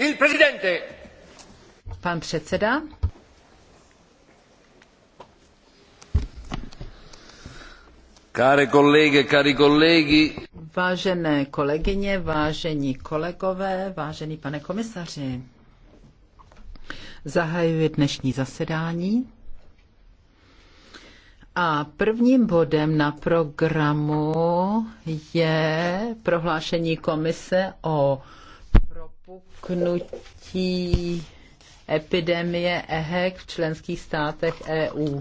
Il presidente. Pan předseda. Care colleghe, cari colleghi. Vážené kolegyně, vážení kolegové, vážený pane komisaři. Zahajuji dnešní zasedání. A prvním bodem na programu je prohlášení komise o vypuknutí epidemie EHEC v členských státech EU.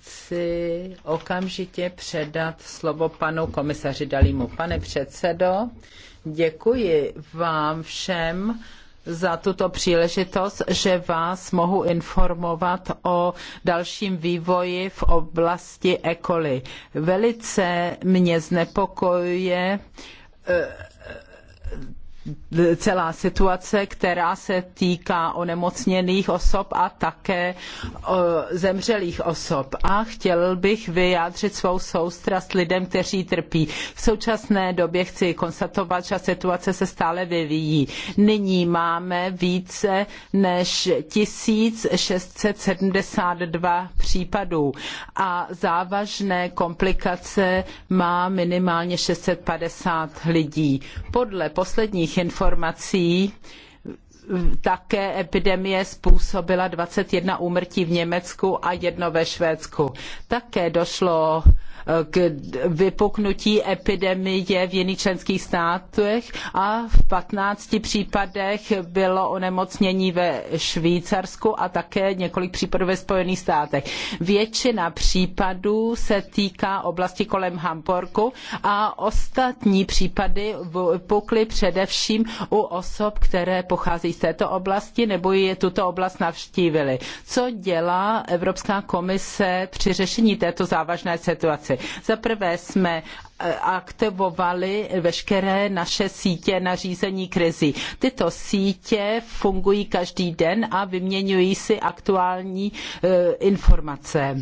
Chci okamžitě předat slovo panu komisaři Dalímu. Pane předsedo, děkuji vám všem za tuto příležitost, že vás mohu informovat o dalším vývoji v oblasti ekoly. Velice mě znepokojuje eh, celá situace, která se týká onemocněných osob a také zemřelých osob. A chtěl bych vyjádřit svou soustrast lidem, kteří trpí. V současné době chci konstatovat, že situace se stále vyvíjí. Nyní máme více než 1672 případů a závažné komplikace má minimálně 650 lidí. Podle posledních mých informací také epidemie způsobila 21 úmrtí v Německu a jedno ve Švédsku. Také došlo k vypuknutí epidemie v jiných členských státech a v 15 případech bylo onemocnění ve Švýcarsku a také několik případů ve Spojených státech. Většina případů se týká oblasti kolem Hamburku a ostatní případy vypukly především u osob, které pocházejí z této oblasti nebo je tuto oblast navštívily. Co dělá Evropská komise při řešení této závažné situace? pilíři. Za prvé jsme eh, aktivovali veškeré naše sítě na řízení krizí. Tyto sítě fungují každý den a vyměňují si aktuální eh, informace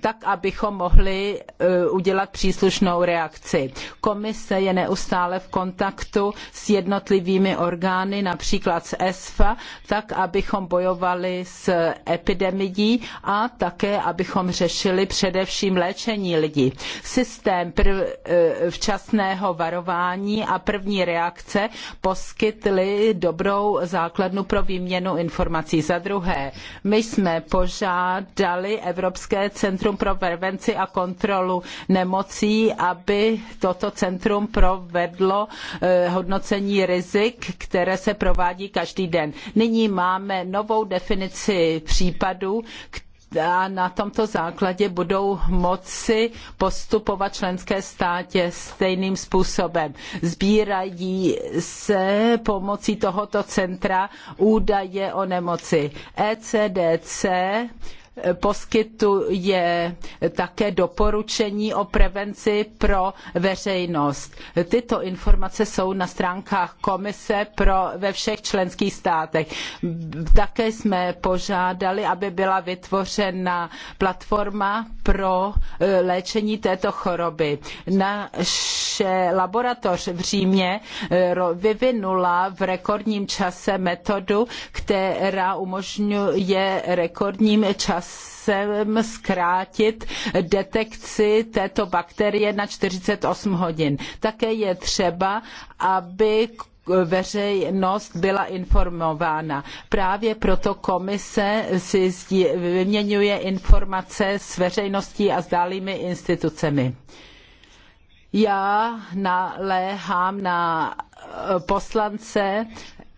tak abychom mohli eh, udělat příslušnou reakci. Komise je neustále v kontaktu s jednotlivými orgány, například s ESFA, tak abychom bojovali s epidemií a také abychom řešili především léčení lidí. Systém eh, včasného varování a první reakce poskytly dobrou základnu pro výměnu informací. Za druhé, my jsme požádali Evropské centrum Centrum pro prevenci a kontrolu nemocí, aby toto centrum provedlo eh, hodnocení rizik, které se provádí každý den. Nyní máme novou definici případů, a na tomto základě budou moci postupovat členské státě stejným způsobem. Sbírají se pomocí tohoto centra údaje o nemoci. ECDC poskytuje také doporučení o prevenci pro veřejnost. Tyto informace jsou na stránkách komise pro, ve všech členských státech. Také jsme požádali, aby byla vytvořena platforma pro e, léčení této choroby. Naše laboratoř v Římě e, vyvinula v rekordním čase metodu, která umožňuje rekordním čase časem zkrátit detekci této bakterie na 48 hodin. Také je třeba, aby veřejnost byla informována. Právě proto komise si vyměňuje informace s veřejností a s dálými institucemi. Já naléhám na poslance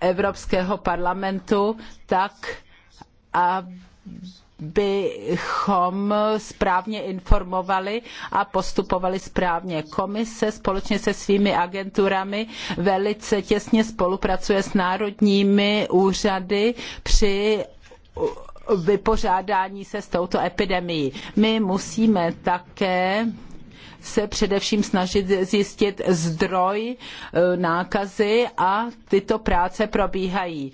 Evropského parlamentu tak, aby bychom správně informovali a postupovali správně. Komise společně se svými agenturami velice těsně spolupracuje s národními úřady při vypořádání se s touto epidemií. My musíme také se především snažit zjistit zdroj e, nákazy a tyto práce probíhají.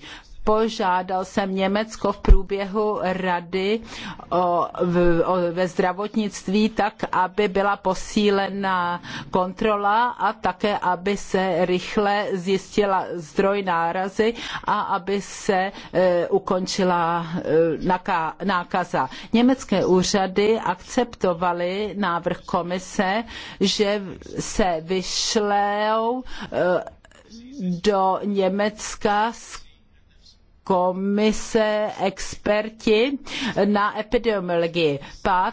Požádal jsem Německo v průběhu rady o, v, o, ve zdravotnictví tak, aby byla posílena kontrola a také, aby se rychle zjistila zdroj nárazy a aby se e, ukončila e, nákaza. Německé úřady akceptovaly návrh komise, že se vyšlou e, do Německa s komise experti na epidemiologii.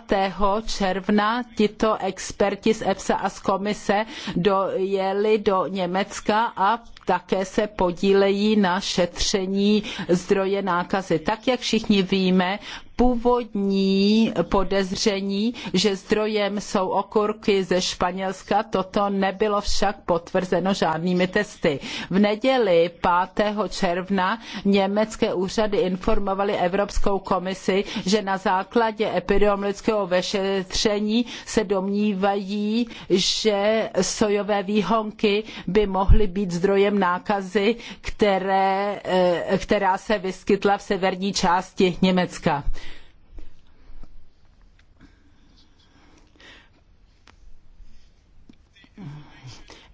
5. června tito experti z EFSA a z komise dojeli do Německa a také se podílejí na šetření zdroje nákazy. Tak, jak všichni víme, původní podezření, že zdrojem jsou okurky ze Španělska, toto nebylo však potvrzeno žádnými testy. V neděli 5. června německé úřady informovaly Evropskou komisi, že na základě epidemiologického vešetření se domnívají, že sojové výhonky by mohly být zdrojem nákazy, které, eh, která se vyskytla v severní části Německa.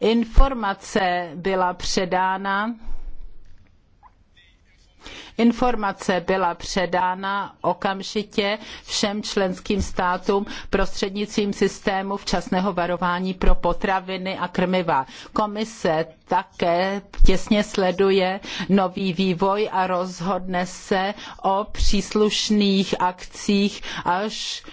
Informace byla předána Informace byla předána okamžitě všem členským státům prostřednictvím systému včasného varování pro potraviny a krmiva. Komise také těsně sleduje nový vývoj a rozhodne se o příslušných akcích až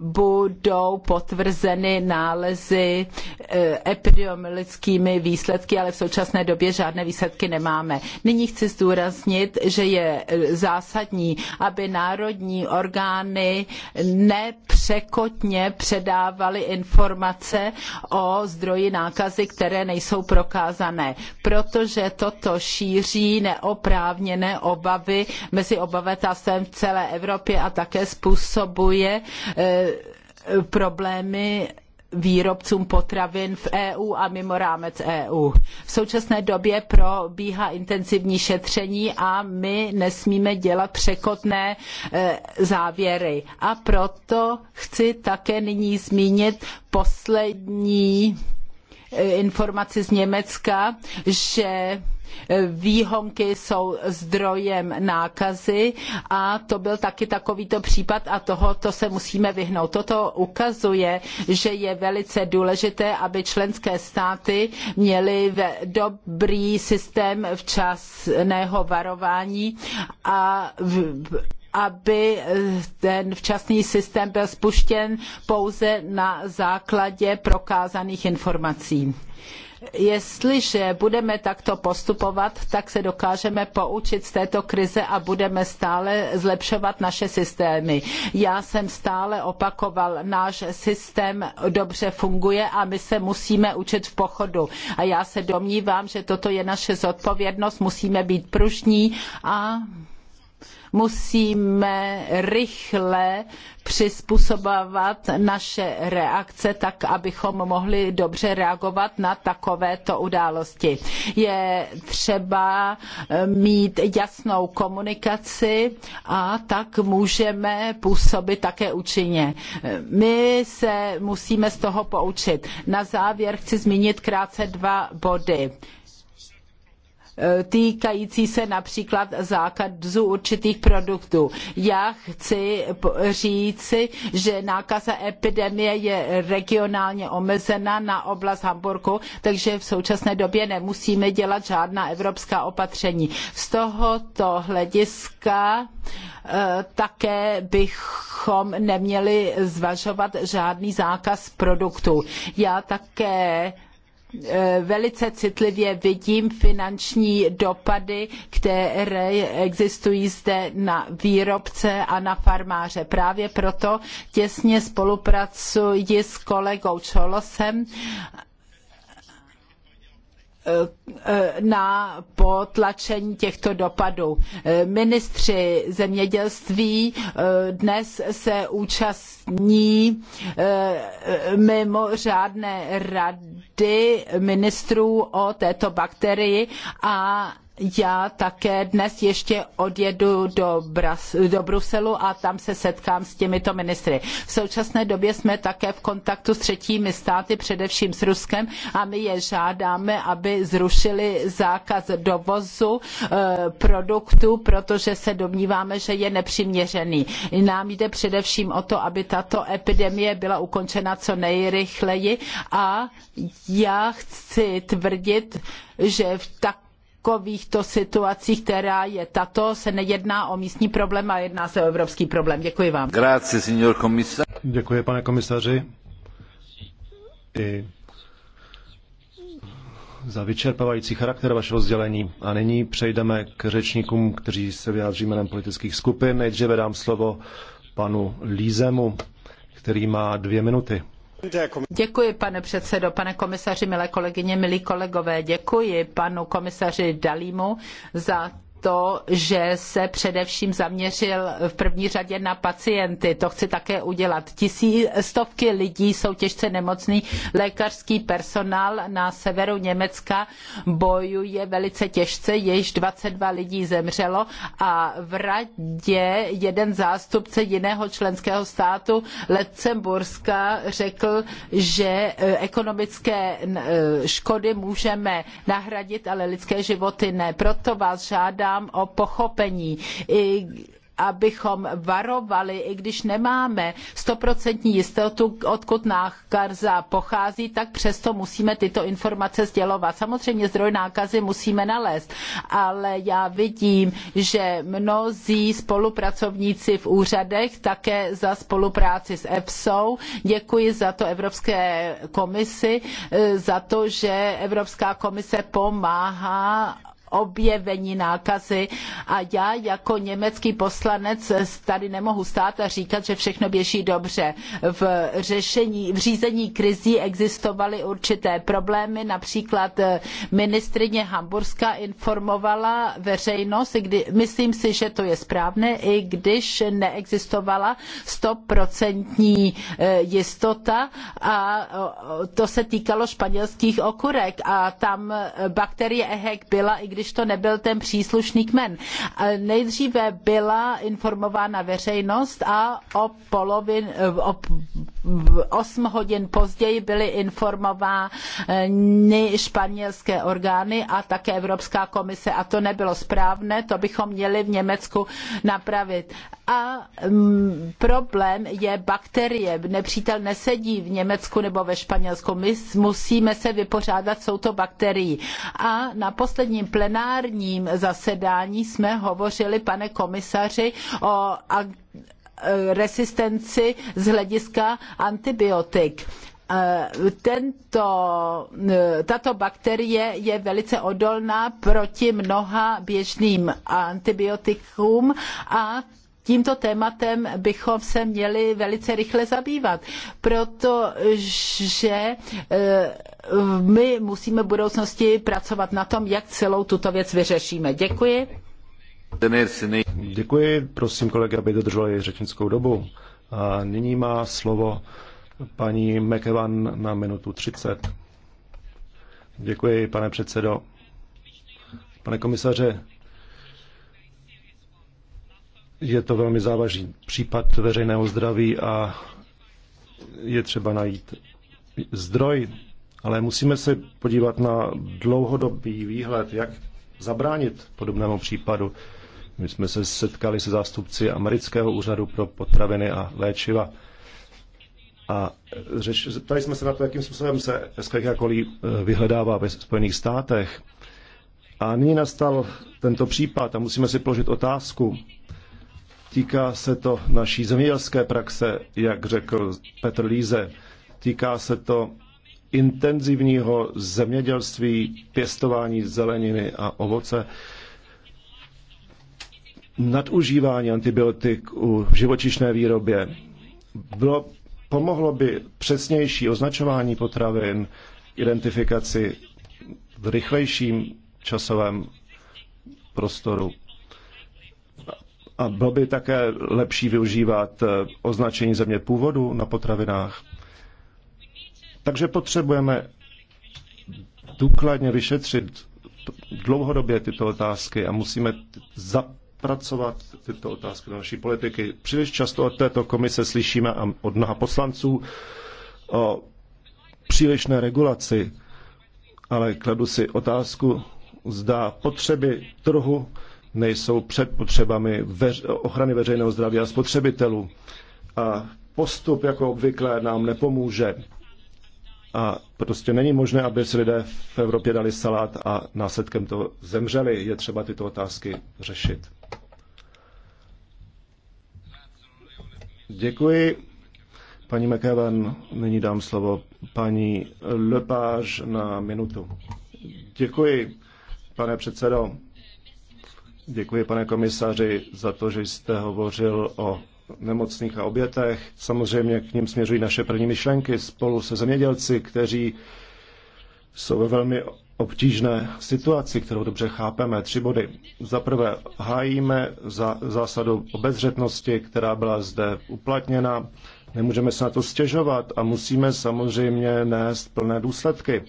budou potvrzeny nálezy e, epidemiologickými výsledky, ale v současné době žádné výsledky nemáme. Nyní chci zdůraznit, že je e, zásadní, aby národní orgány nepřekotně předávaly informace o zdroji nákazy, které nejsou prokázané, protože toto šíří neoprávněné obavy mezi obyvatelstvem v celé Evropě a také způsobuje e, problémy výrobcům potravin v EU a mimo rámec EU. V současné době probíhá intenzivní šetření a my nesmíme dělat překotné e, závěry. A proto chci také nyní zmínit poslední e, informaci z Německa, že výhonky jsou zdrojem nákazy a to byl taky takovýto případ a tohoto se musíme vyhnout. Toto ukazuje, že je velice důležité, aby členské státy měly dobrý systém včasného varování a v, aby ten včasný systém byl spuštěn pouze na základě prokázaných informací. Jestliže budeme takto postupovat, tak se dokážeme poučit z této krize a budeme stále zlepšovat naše systémy. Já jsem stále opakoval, náš systém dobře funguje a my se musíme učit v pochodu. A já se domnívám, že toto je naše zodpovědnost, musíme být pružní a musíme rychle přizpůsobovat naše reakce tak, abychom mohli dobře reagovat na takovéto události. Je třeba eh, mít jasnou komunikaci a tak můžeme působit také účinně. Eh, my se musíme z toho poučit. Na závěr chci zmínit krátce dva body týkající se například zákazu určitých produktů. Já chci říci, že nákaza epidemie je regionálně omezena na oblast Hamburku, takže v současné době nemusíme dělat žádná evropská opatření. Z tohoto hlediska eh, také bychom neměli zvažovat žádný zákaz produktů. Já také Eh, velice citlivě vidím finanční dopady, které existují zde na výrobce a na farmáře. Právě proto těsně spolupracuji s kolegou Čolosem na potlačení těchto dopadů. Ministři zemědělství eh, dnes se účastní eh, mimořádné rady ministrů o této bakterii a já také dnes ještě odjedu do, Bras- do Bruselu a tam se setkám s těmito ministry. V současné době jsme také v kontaktu s třetími státy, především s Ruskem, a my je žádáme, aby zrušili zákaz dovozu e, produktů, protože se domníváme, že je nepřiměřený. Nám jde především o to, aby tato epidemie byla ukončena co nejrychleji a já chci tvrdit, že v tak takovýchto situacích, která je tato, se nejedná o místní problém, ale jedná se o evropský problém. Děkuji vám. Grazie, signor komisar. Děkuji, pane komisaři. I za vyčerpávající charakter vašeho sdělení. A nyní přejdeme k řečníkům, kteří se vyjádří jménem politických skupin. Nejdříve dám slovo panu Lízemu, který má dvě minuty. Děkuji, pane předsedo, pane komisaři, milé kolegyně, milí kolegové. Děkuji panu komisaři Dalímu za to, že se především zaměřil v první řadě na pacienty. To chci také udělat. Tisí, stovky lidí jsou těžce nemocný. Lékařský personál na severu Německa bojuje velice těžce, již 22 lidí zemřelo a v radě jeden zástupce jiného členského státu Lecemburska řekl, že eh, ekonomické eh, škody můžeme nahradit, ale lidské životy ne. Proto vás žádám, žádám o pochopení. I abychom varovali, i když nemáme stoprocentní jistotu, odkud nákaza pochází, tak přesto musíme tyto informace sdělovat. Samozřejmě zdroj nákazy musíme nalézt, ale já vidím, že mnozí spolupracovníci v úřadech také za spolupráci s EFSOU. Děkuji za to Evropské komisi, e, za to, že Evropská komise pomáhá objevení nákazy a já jako německý poslanec tady nemohu stát a říkat, že všechno běží dobře. V řešení, v řízení krizí existovaly určité problémy, například eh, ministrině Hamburska informovala veřejnost, kdy, myslím si, že to je správné, i když neexistovala stoprocentní eh, jistota a to se týkalo španělských okurek a tam eh, bakterie EHEC byla, i když když to nebyl ten příslušný kmen. Nejdříve byla informována veřejnost a o polovin, o 8 hodin později byly informovány španělské orgány a také Evropská komise a to nebylo správné, to bychom měli v Německu napravit. A mm, problém je bakterie. Nepřítel nesedí v Německu nebo ve Španělsku. My musíme se vypořádat s touto bakterií. A na posledním plénu plenárním zasedání jsme hovořili, pane komisaři, o rezistenci z hlediska antibiotik e, tento, e, tato bakterie je velice odolná proti mnoha běžným antibiotikům a tímto tématem bychom se měli velice rychle zabývat, protože eh, my musíme v budoucnosti pracovat na tom, jak celou tuto věc vyřešíme. Děkuji. Děkuji, prosím kolegy, aby dodržovali řečnickou dobu. A nyní má slovo paní McEvan na minutu 30. Děkuji, pane předsedo. Pane komisaře, je to velmi závažný případ veřejného zdraví a je třeba najít zdroj, ale musíme se podívat na dlouhodobý výhled, jak zabránit podobnému případu. My jsme se setkali se zástupci amerického úřadu pro potraviny a léčiva a řeš, zeptali jsme se na to, jakým způsobem se SKK kolí eh, vyhledává ve Spojených státech. A nyní nastal tento případ a musíme si položit otázku, Týká se to naší zemědělské praxe, jak řekl Petr Líze. Týká se to intenzivního zemědělství, pěstování zeleniny a ovoce, nadužívání antibiotik u živočišné výrobě. Bylo, pomohlo by přesnější označování potravin, identifikaci v rychlejším časovém prostoru. A bylo by také lepší využívat eh, označení země původu na potravinách. Takže potřebujeme důkladně vyšetřit dlouhodobě tyto otázky a musíme zapracovat tyto otázky do naší politiky. Příliš často od této komise slyšíme a od mnoha poslanců o přílišné regulaci, ale kladu si otázku, zda potřeby trhu nejsou před potřebami veř- ochrany veřejného zdraví a spotřebitelů. A postup, jako obvykle, nám nepomůže. A prostě není možné, aby si lidé v Evropě dali salát a následkem to zemřeli. Je třeba tyto otázky řešit. Děkuji. Paní McEwen, nyní dám slovo paní Lepage na minutu. Děkuji, pane předsedo. Děkuji, pane komisaři, za to, že jste hovořil o nemocných a obětech. Samozřejmě k ním směřují naše první myšlenky spolu se zemědělci, kteří jsou ve velmi obtížné situaci, kterou dobře chápeme. Tři body. Za prvé, hájíme za zásadu obezřetnosti, která byla zde uplatněna. Nemůžeme se na to stěžovat a musíme samozřejmě nést plné důsledky.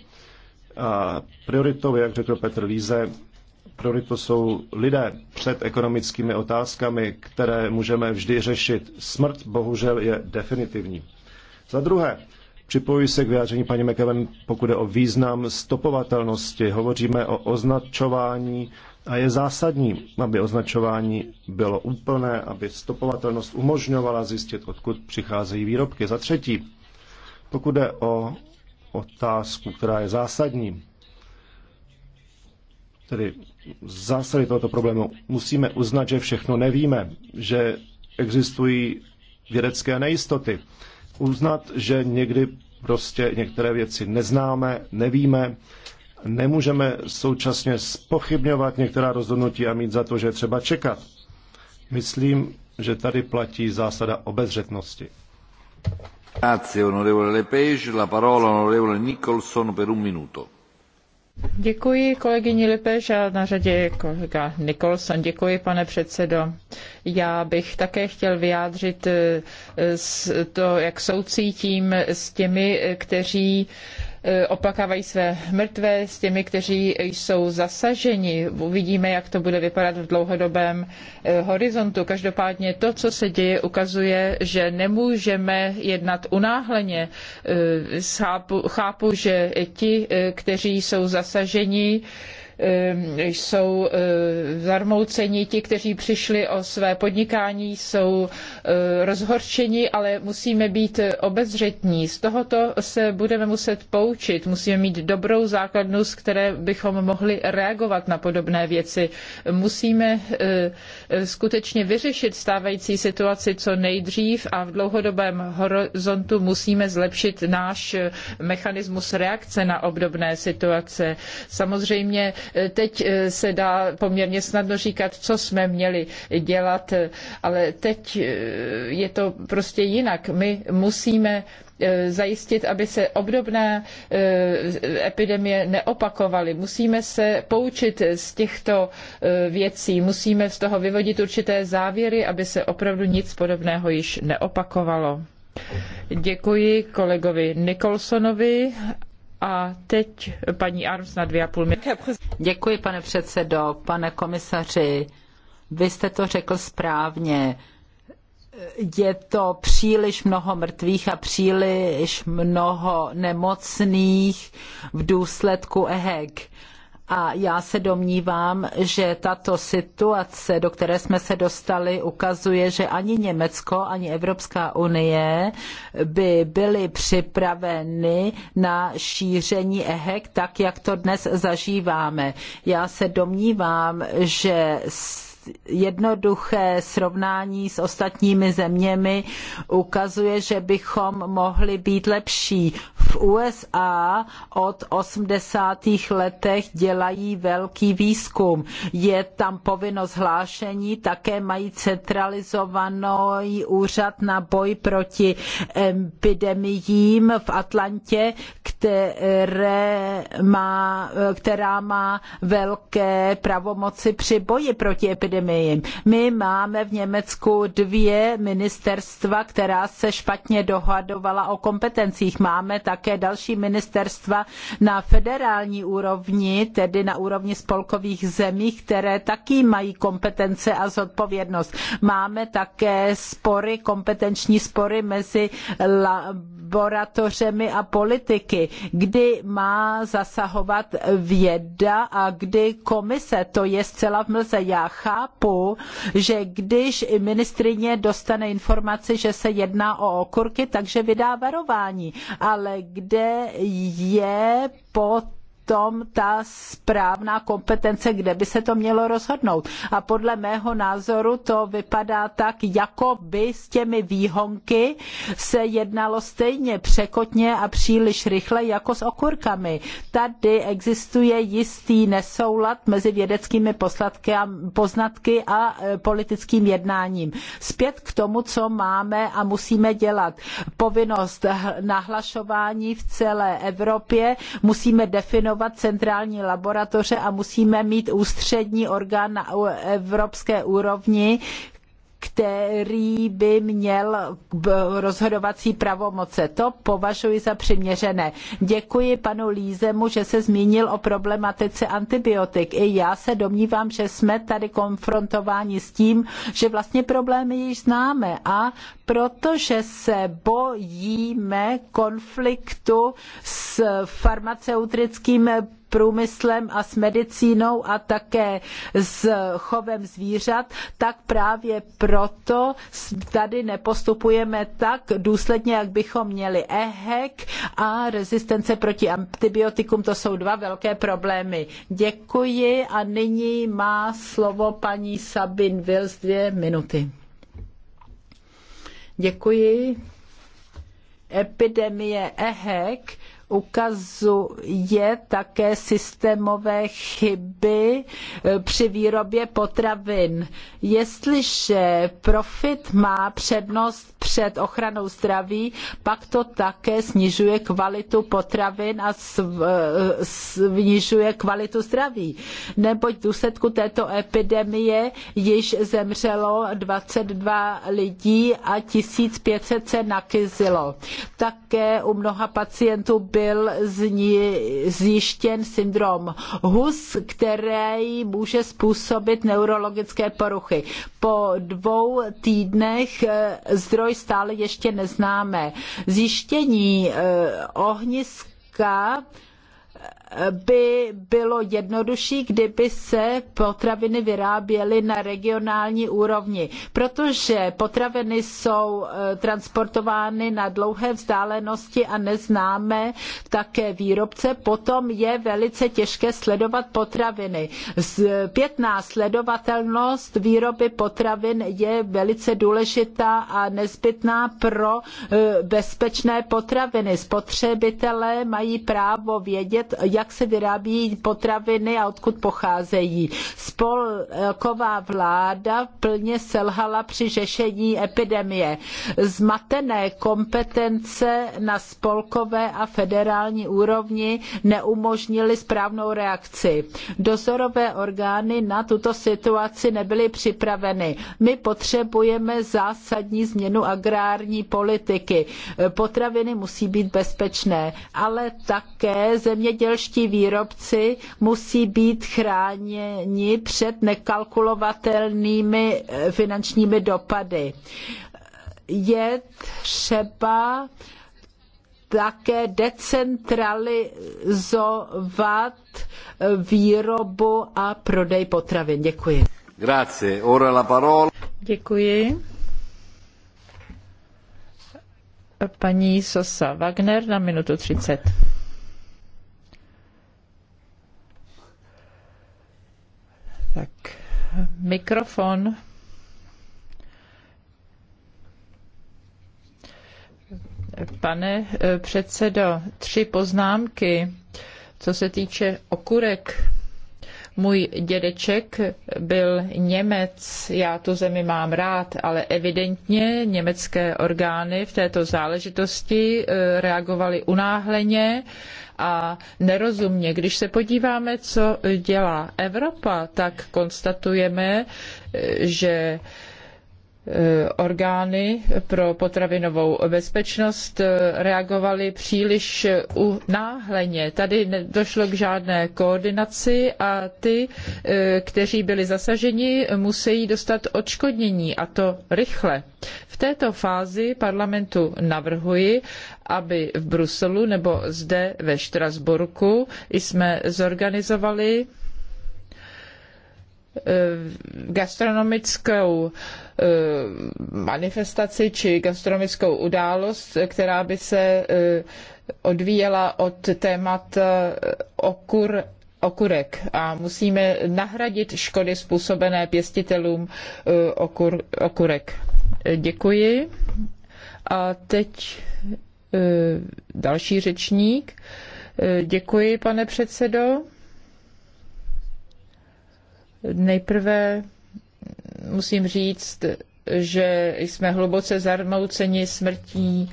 A prioritou, jak řekl Petr Líze, prioritu jsou lidé před ekonomickými otázkami, které můžeme vždy řešit. Smrt bohužel je definitivní. Za druhé, připojuji se k vyjádření paní McEwen, pokud je o význam stopovatelnosti. Hovoříme o označování a je zásadní, aby označování bylo úplné, aby stopovatelnost umožňovala zjistit, odkud přicházejí výrobky. Za třetí, pokud je o otázku, která je zásadní, tedy zásady tohoto problému. Musíme uznat, že všechno nevíme, že existují vědecké nejistoty. Uznat, že někdy prostě některé věci neznáme, nevíme, nemůžeme současně spochybňovat některá rozhodnutí a mít za to, že je třeba čekat. Myslím, že tady platí zásada obezřetnosti. Grazie onorevole Lepage, la parola onorevole Nicholson per un minuto. Děkuji kolegyni Lipeš a na řadě je kolega Nikolson. Děkuji, pane předsedo. Já bych také chtěl vyjádřit eh, to, jak soucítím s těmi, kteří Eh, oplakávají své mrtvé s těmi, kteří jsou zasaženi. Uvidíme, jak to bude vypadat v dlouhodobém eh, horizontu. Každopádně to, co se děje, ukazuje, že nemůžeme jednat unáhleně. Eh, chápu, chápu že ti, kteří jsou zasaženi, Ehm, jsou eh, zarmouceni, ti, kteří přišli o své podnikání, jsou eh, rozhorčeni, ale musíme být obezřetní. Z tohoto se budeme muset poučit, musíme mít dobrou základnu, z které bychom mohli reagovat na podobné věci. Musíme eh, skutečně vyřešit stávající situaci co nejdřív a v dlouhodobém horizontu musíme zlepšit náš mechanismus reakce na obdobné situace. Samozřejmě Teď eh, se dá poměrně snadno říkat, co jsme měli dělat, ale teď eh, je to prostě jinak. My musíme eh, zajistit, aby se obdobné epidemie neopakovaly. Musíme se poučit z těchto věcí, musíme z toho vyvodit určité závěry, aby se opravdu nic podobného již neopakovalo. Děkuji kolegovi Nikolsonovi a teď paní Arms na dvě a půl minuty. Děkuji, pane předsedo, pane komisaři. Vy jste to řekl správně je to příliš mnoho mrtvých a příliš mnoho nemocných v důsledku EHEC. A já se domnívám, že tato situace, do které jsme se dostali, ukazuje, že ani Německo, ani Evropská unie by byly připraveny na šíření EHEC tak, jak to dnes zažíváme. Já se domnívám, že jednoduché srovnání s ostatními zeměmi ukazuje, že bychom mohli být lepší. V USA od 80. letech dělají velký výzkum. Je tam povinnost hlášení, také mají centralizovaný úřad na boj proti epidemiím v Atlantě, které má, která má velké pravomoci při boji proti epidemiím epidemii. My máme v Německu dvě ministerstva, která se špatně dohadovala o kompetencích. Máme také další ministerstva na federální úrovni, tedy na úrovni spolkových zemí, které taky mají kompetence a zodpovědnost. Máme také spory, kompetenční spory mezi la, laboratořemi a politiky, kdy má zasahovat věda a kdy komise, to je zcela v mlze. Já chápu, že když ministrině dostane informaci, že se jedná o okurky, takže vydá varování, ale kde je pot tom ta správná kompetence, kde by se to mělo rozhodnout. A podle mého názoru to vypadá tak, jako by s těmi výhonky se jednalo stejně překotně a příliš rychle jako s okurkami. Tady existuje jistý nesoulad mezi vědeckými poznatky a e, politickým jednáním. Zpět k tomu, co máme a musíme dělat. Povinnost nahlašování v celé Evropě musíme definovat jmenovat centrální laboratoře a musíme mít ústřední orgán na evropské úrovni, který by měl rozhodovací pravomoce. To považuji za přiměřené. Děkuji panu Lízemu, že se zmínil o problematice antibiotik. I já se domnívám, že jsme tady konfrontováni s tím, že vlastně problémy již známe a protože se bojíme konfliktu s farmaceutickým průmyslem a s medicínou a také s chovem zvířat, tak právě proto tady nepostupujeme tak důsledně, jak bychom měli. EHEC a rezistence proti antibiotikům, to jsou dva velké problémy. Děkuji a nyní má slovo paní Sabin Wills dvě minuty. Děkuji. Epidemie EHEC ukazuje také systémové chyby e, při výrobě potravin. Jestliže profit má přednost před ochranou zdraví, pak to také snižuje kvalitu potravin a e, snižuje kvalitu zdraví. Neboť v důsledku této epidemie již zemřelo 22 lidí a 1500 se nakizilo. Také u mnoha pacientů byl zjištěn syndrom HUS, který může způsobit neurologické poruchy. Po dvou týdnech eh, zdroj stále ještě neznáme. Zjištění eh, ohniska by bylo jednodušší, kdyby se potraviny vyráběly na regionální úrovni, protože potraviny jsou eh, transportovány na dlouhé vzdálenosti a neznáme také výrobce, potom je velice těžké sledovat potraviny. Zpětná sledovatelnost výroby potravin je velice důležitá a nezbytná pro eh, bezpečné potraviny. Spotřebitelé mají právo vědět, jak jak se vyrábí potraviny a odkud pocházejí. Spolková vláda plně selhala při řešení epidemie. Zmatené kompetence na spolkové a federální úrovni neumožnily správnou reakci. Dozorové orgány na tuto situaci nebyly připraveny. My potřebujeme zásadní změnu agrární politiky. Potraviny musí být bezpečné, ale také zemědělství evropští výrobci musí být chráněni před nekalkulovatelnými eh, finančními dopady. Je třeba také decentralizovat eh, výrobu a prodej potravin. Děkuji. Grazie. Ora la parola. Děkuji. Paní Sosa Wagner na minutu 30. Tak mikrofon. Pane eh, předsedo, tři poznámky, co se týče okurek můj dědeček byl Němec, já tu zemi mám rád, ale evidentně německé orgány v této záležitosti eh, reagovaly unáhleně a nerozumně. Když se podíváme, co dělá Evropa, tak konstatujeme, eh, že Eh, orgány pro potravinovou bezpečnost eh, reagovaly příliš unáhleně. Tady došlo k žádné koordinaci a ty, eh, kteří byli zasaženi, musí dostat odškodnění a to rychle. V této fázi parlamentu navrhuji, aby v Bruselu nebo zde ve Štrasburku jsme zorganizovali Eh, gastronomickou eh, manifestaci či gastronomickou událost, která by se eh, odvíjela od témat okur okurek a musíme nahradit škody způsobené pěstitelům okur, okurek. Děkuji. A teď další řečník. Děkuji, pane předsedo. Nejprve musím říct, že jsme hluboce zarmouceni smrtí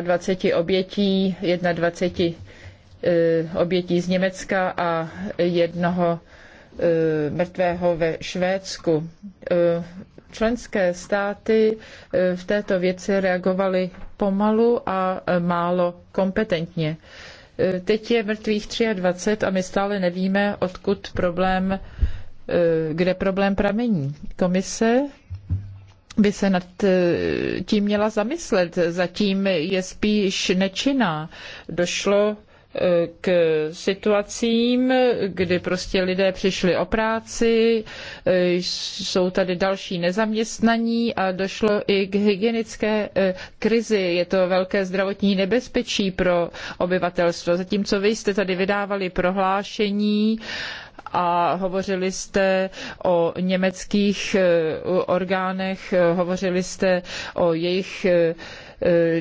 22 eh, obětí, 21 eh, obětí z Německa a jednoho eh, mrtvého ve Švédsku. Členské státy v této věci reagovaly pomalu a málo kompetentně. Eh, teď je mrtvých 23 a my stále nevíme, odkud problém, eh, kde problém pramení. Komise by se nad eh, tím měla zamyslet. Zatím je spíš nečinná. Došlo k situacím, kdy prostě lidé přišli o práci, jsou tady další nezaměstnaní a došlo i k hygienické eh, krizi. Je to velké zdravotní nebezpečí pro obyvatelstvo. Zatímco vy jste tady vydávali prohlášení, a hovořili jste o německých eh, orgánech, eh, hovořili jste o jejich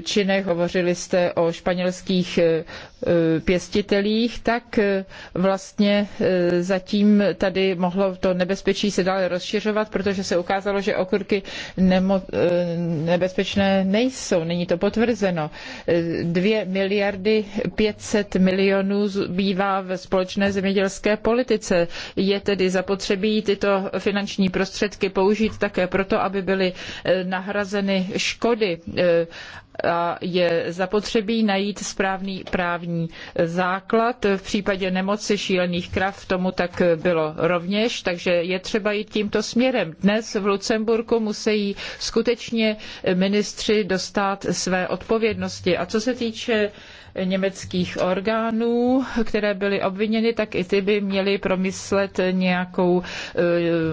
činech, hovořili jste o španělských Eh, pěstitelích, tak eh, vlastně eh, zatím tady mohlo to nebezpečí se dále rozšiřovat, protože se ukázalo, že okurky nemo, nebezpečné nejsou. Není to potvrzeno. 2 miliardy 500 milionů bývá ve společné zemědělské politice. Je tedy zapotřebí tyto finanční prostředky použít také proto, aby byly nahrazeny škody a je zapotřebí najít správný právní základ. V případě nemoci šílených krav tomu tak bylo rovněž, takže je třeba jít tímto směrem. Dnes v Lucemburku musí skutečně ministři dostat své odpovědnosti. A co se týče německých orgánů, které byly obviněny, tak i ty by měly promyslet nějakou e,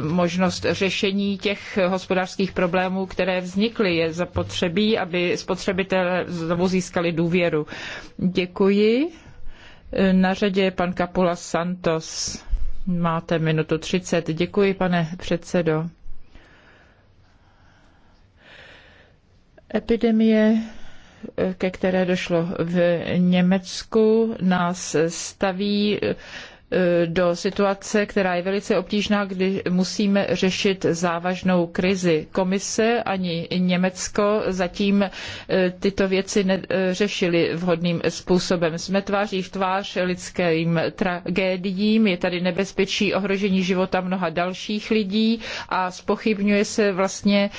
možnost řešení těch hospodářských problémů, které vznikly. Je zapotřebí, aby spotřebitelé znovu získali důvěru. Děkuji. Na řadě je pan Kapula Santos. Máte minutu 30. Děkuji, pane předsedo. Epidemie ke které došlo v Německu, nás staví e, do situace, která je velice obtížná, kdy musíme řešit závažnou krizi. Komise ani Německo zatím e, tyto věci neřešily e, vhodným způsobem. Jsme tváří v tvář lidským tragédiím, je tady nebezpečí ohrožení života mnoha dalších lidí a spochybňuje se vlastně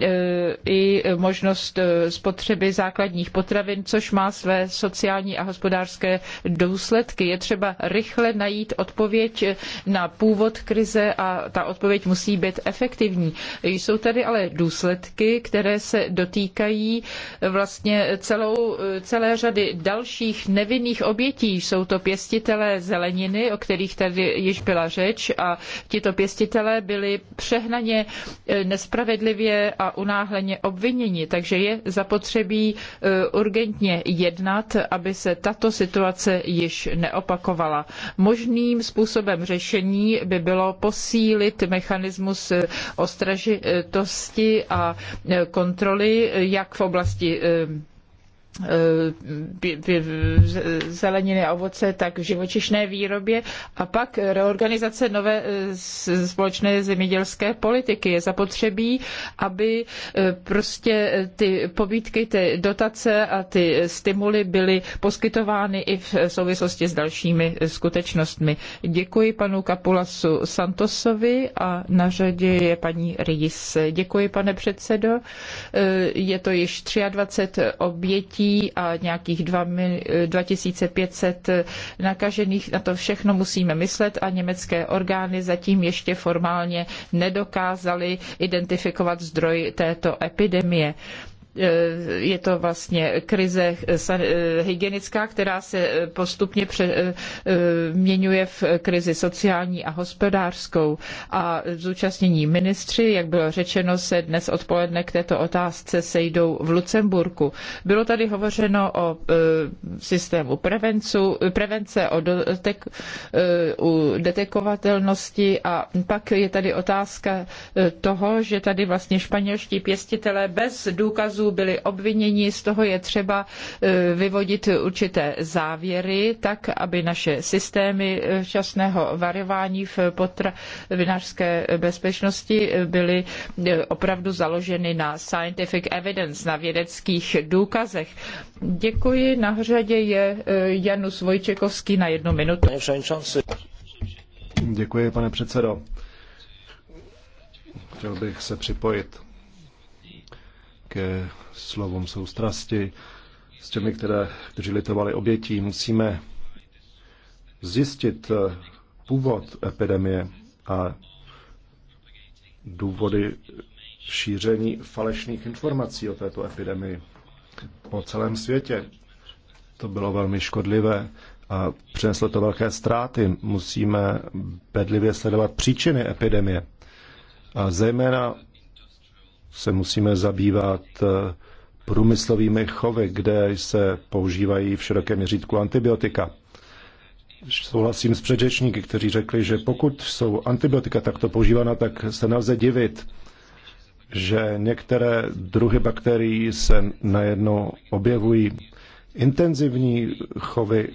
E, i možnost e, spotřeby základních potravin, což má své sociální a hospodářské důsledky. Je třeba rychle najít odpověď e, na původ krize a ta odpověď musí být efektivní. Jsou tady ale důsledky, které se dotýkají vlastně celou, celé řady dalších nevinných obětí. Jsou to pěstitelé zeleniny, o kterých tady již byla řeč a tito pěstitelé byli přehnaně nespravedlivě a unáhleně obviněni, takže je zapotřebí e, urgentně jednat, aby se tato situace již neopakovala. Možným způsobem řešení by bylo posílit mechanismus e, ostražitosti a e, kontroly jak v oblasti Eh, zeleniny a ovoce, tak v živočišné výrobě a pak reorganizace nové eh, společné zemědělské politiky. Je zapotřebí, aby eh, prostě ty pobídky, ty dotace a ty stimuly byly poskytovány i v souvislosti s dalšími skutečnostmi. Děkuji panu Kapulasu Santosovi a na řadě je paní Rigis. Děkuji, pane předsedo. Je to již 23 obětí úmrtí a nějakých 2, 2500 nakažených. Na to všechno musíme myslet a německé orgány zatím ještě formálně nedokázaly identifikovat zdroj této epidemie. Eh, je to vlastně krize eh, eh, hygienická, která se postupně měňuje v krizi sociální a hospodářskou. A zúčastnění ministři, jak bylo řečeno, se dnes odpoledne k této otázce sejdou v Lucemburku. Bylo tady hovořeno o systému prevence, o u detekovatelnosti a pak je tady otázka toho, že tady vlastně španělští pěstitelé bez důkazů důkazů, byli obviněni, z toho je třeba e, vyvodit určité závěry, tak aby naše systémy e, včasného varování v potravinářské bezpečnosti e, byly opravdu založeny na scientific evidence, na vědeckých důkazech. Děkuji. Na řadě je Janus Vojčekovský na jednu minutu. Děkuji, pane předsedo. Chtěl bych se připojit ke slovům soustrasti s těmi, které, kteří litovali obětí. Musíme zjistit eh, původ epidemie a důvody šíření falešných informací o této epidemii po celém světě. To bylo velmi škodlivé a přineslo to velké ztráty. Musíme bedlivě sledovat příčiny epidemie. A zejména se musíme zabývat eh, průmyslovými chovy, kde se používají v širokém měřítku antibiotika. Souhlasím s předřečníky, kteří řekli, že pokud jsou antibiotika takto používána, tak se nelze divit, že některé druhy bakterií se najednou objevují. Intenzivní chovy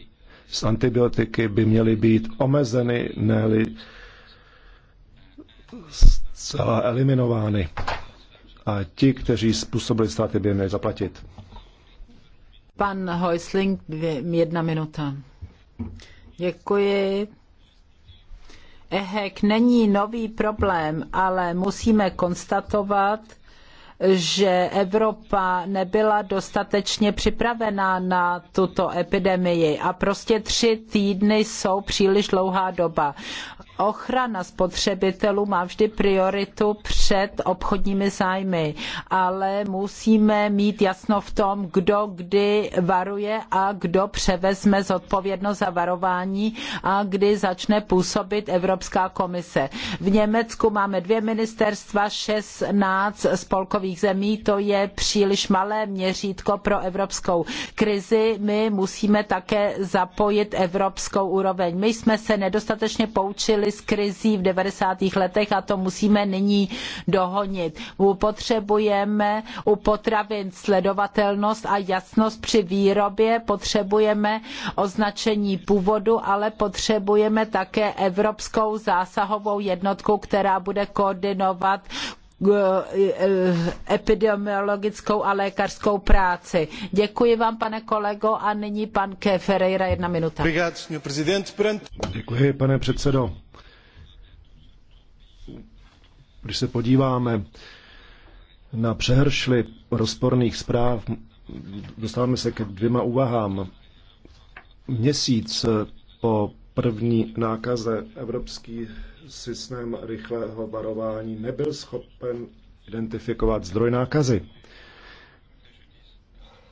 s antibiotiky by měly být omezeny, ne zcela eliminovány a ti, kteří způsobili ztráty, by měli zaplatit. Pan Heusling, jedna minuta. Děkuji. Ehek není nový problém, ale musíme konstatovat, že Evropa nebyla dostatečně připravená na tuto epidemii a prostě tři týdny jsou příliš dlouhá doba. Ochrana spotřebitelů má vždy prioritu před obchodními zájmy, ale musíme mít jasno v tom, kdo kdy varuje a kdo převezme zodpovědnost za varování a kdy začne působit Evropská komise. V Německu máme dvě ministerstva, 16 spolkových zemí, to je příliš malé měřítko pro evropskou krizi. My musíme také zapojit evropskou úroveň. My jsme se nedostatečně poučili bojovali z krizí v 90. letech a to musíme nyní dohonit. Potřebujeme u potravin sledovatelnost a jasnost při výrobě, potřebujeme označení původu, ale potřebujeme také evropskou zásahovou jednotku, která bude koordinovat eh, eh, epidemiologickou a lékařskou práci. Děkuji vám, pane kolego, a nyní pan Ke Ferreira, jedna minuta. Děkuji, pane předsedo. Když se podíváme na přehršly rozporných zpráv, dostáváme se ke dvěma úvahám. Měsíc po první nákaze Evropský systém rychlého varování nebyl schopen identifikovat zdroj nákazy.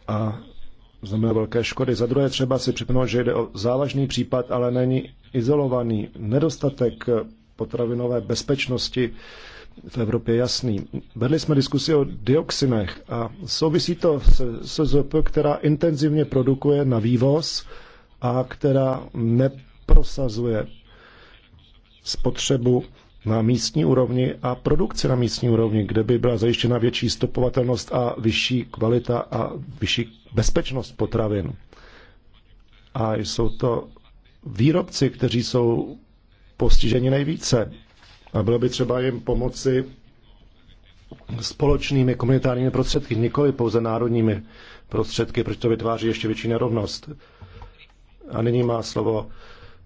A znamená velké škody. Za druhé třeba si připomenout, že jde o závažný případ, ale není izolovaný. Nedostatek potravinové bezpečnosti v Evropě jasný. Vedli jsme diskusi o dioxinech a souvisí to se SZP, která intenzivně produkuje na vývoz a která neprosazuje spotřebu na místní úrovni a produkci na místní úrovni, kde by byla zajištěna větší stopovatelnost a vyšší kvalita a vyšší bezpečnost potravin. A jsou to výrobci, kteří jsou postiženi nejvíce a bylo by třeba jim pomoci společnými komunitárními prostředky, nikoli pouze národními prostředky, protože to vytváří ještě větší nerovnost. A nyní má slovo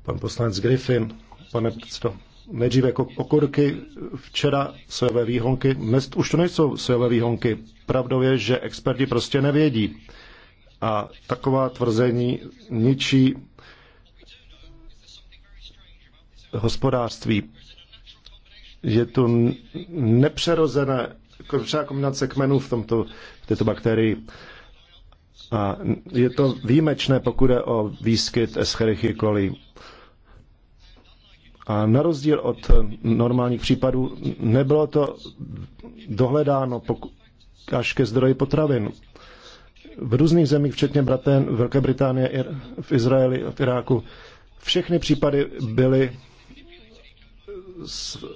pan poslanec Griffin. Pane předsedo, nejdříve jako okurky, včera sojové výhonky, dnes už to nejsou sojové výhonky. Pravdou je, že experti prostě nevědí. A taková tvrzení ničí hospodářství je tu nepřerozené jako třeba kombinace kmenů v, tomto, v této bakterii. A je to výjimečné, pokud je o výskyt Escherichia coli. A na rozdíl od normálních případů nebylo to dohledáno až ke zdroji potravin. V různých zemích, včetně Bratén, Velké Británie, v Izraeli, v Iráku, všechny případy byly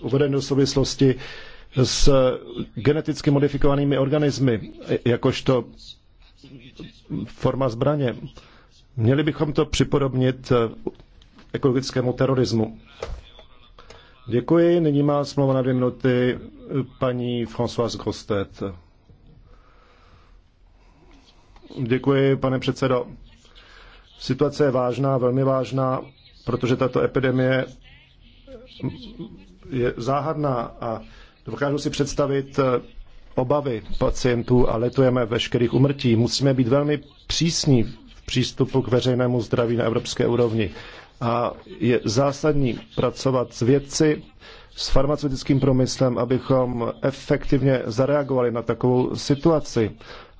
uveden do souvislosti s geneticky modifikovanými organismy, jakožto forma zbraně. Měli bychom to připodobnit eh, ekologickému terorismu. Děkuji. Nyní má smlouva na dvě minuty eh, paní Françoise Grostet. Děkuji, pane předsedo. Situace je vážná, velmi vážná, protože tato epidemie je záhadná a dokážu si představit eh, obavy pacientů a letujeme veškerých umrtí. Musíme být velmi přísní v přístupu k veřejnému zdraví na evropské úrovni. A je zásadní pracovat s vědci, s farmaceutickým promyslem, abychom efektivně zareagovali na takovou situaci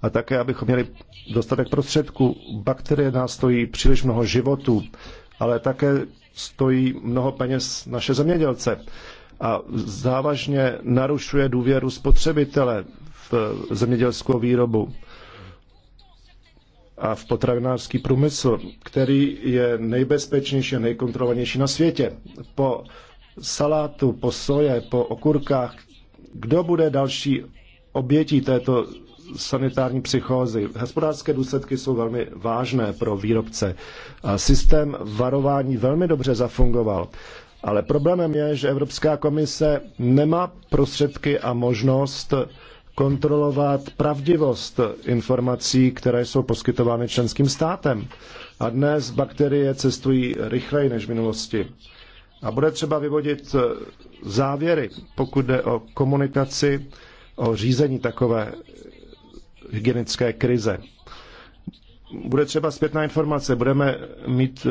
a také, abychom měli dostatek prostředků. Bakterie nás stojí příliš mnoho životů, ale také stojí mnoho peněz naše zemědělce a závažně narušuje důvěru spotřebitele v zemědělskou výrobu a v potravinářský průmysl, který je nejbezpečnější a nejkontrolovanější na světě. Po salátu, po soje, po okurkách, kdo bude další obětí této sanitární psychózy. Hospodářské důsledky jsou velmi vážné pro výrobce. A systém varování velmi dobře zafungoval. Ale problémem je, že Evropská komise nemá prostředky a možnost kontrolovat pravdivost informací, které jsou poskytovány členským státem. A dnes bakterie cestují rychleji než v minulosti. A bude třeba vyvodit závěry, pokud jde o komunikaci, o řízení takové hygienické krize. Bude třeba zpětná informace, budeme mít,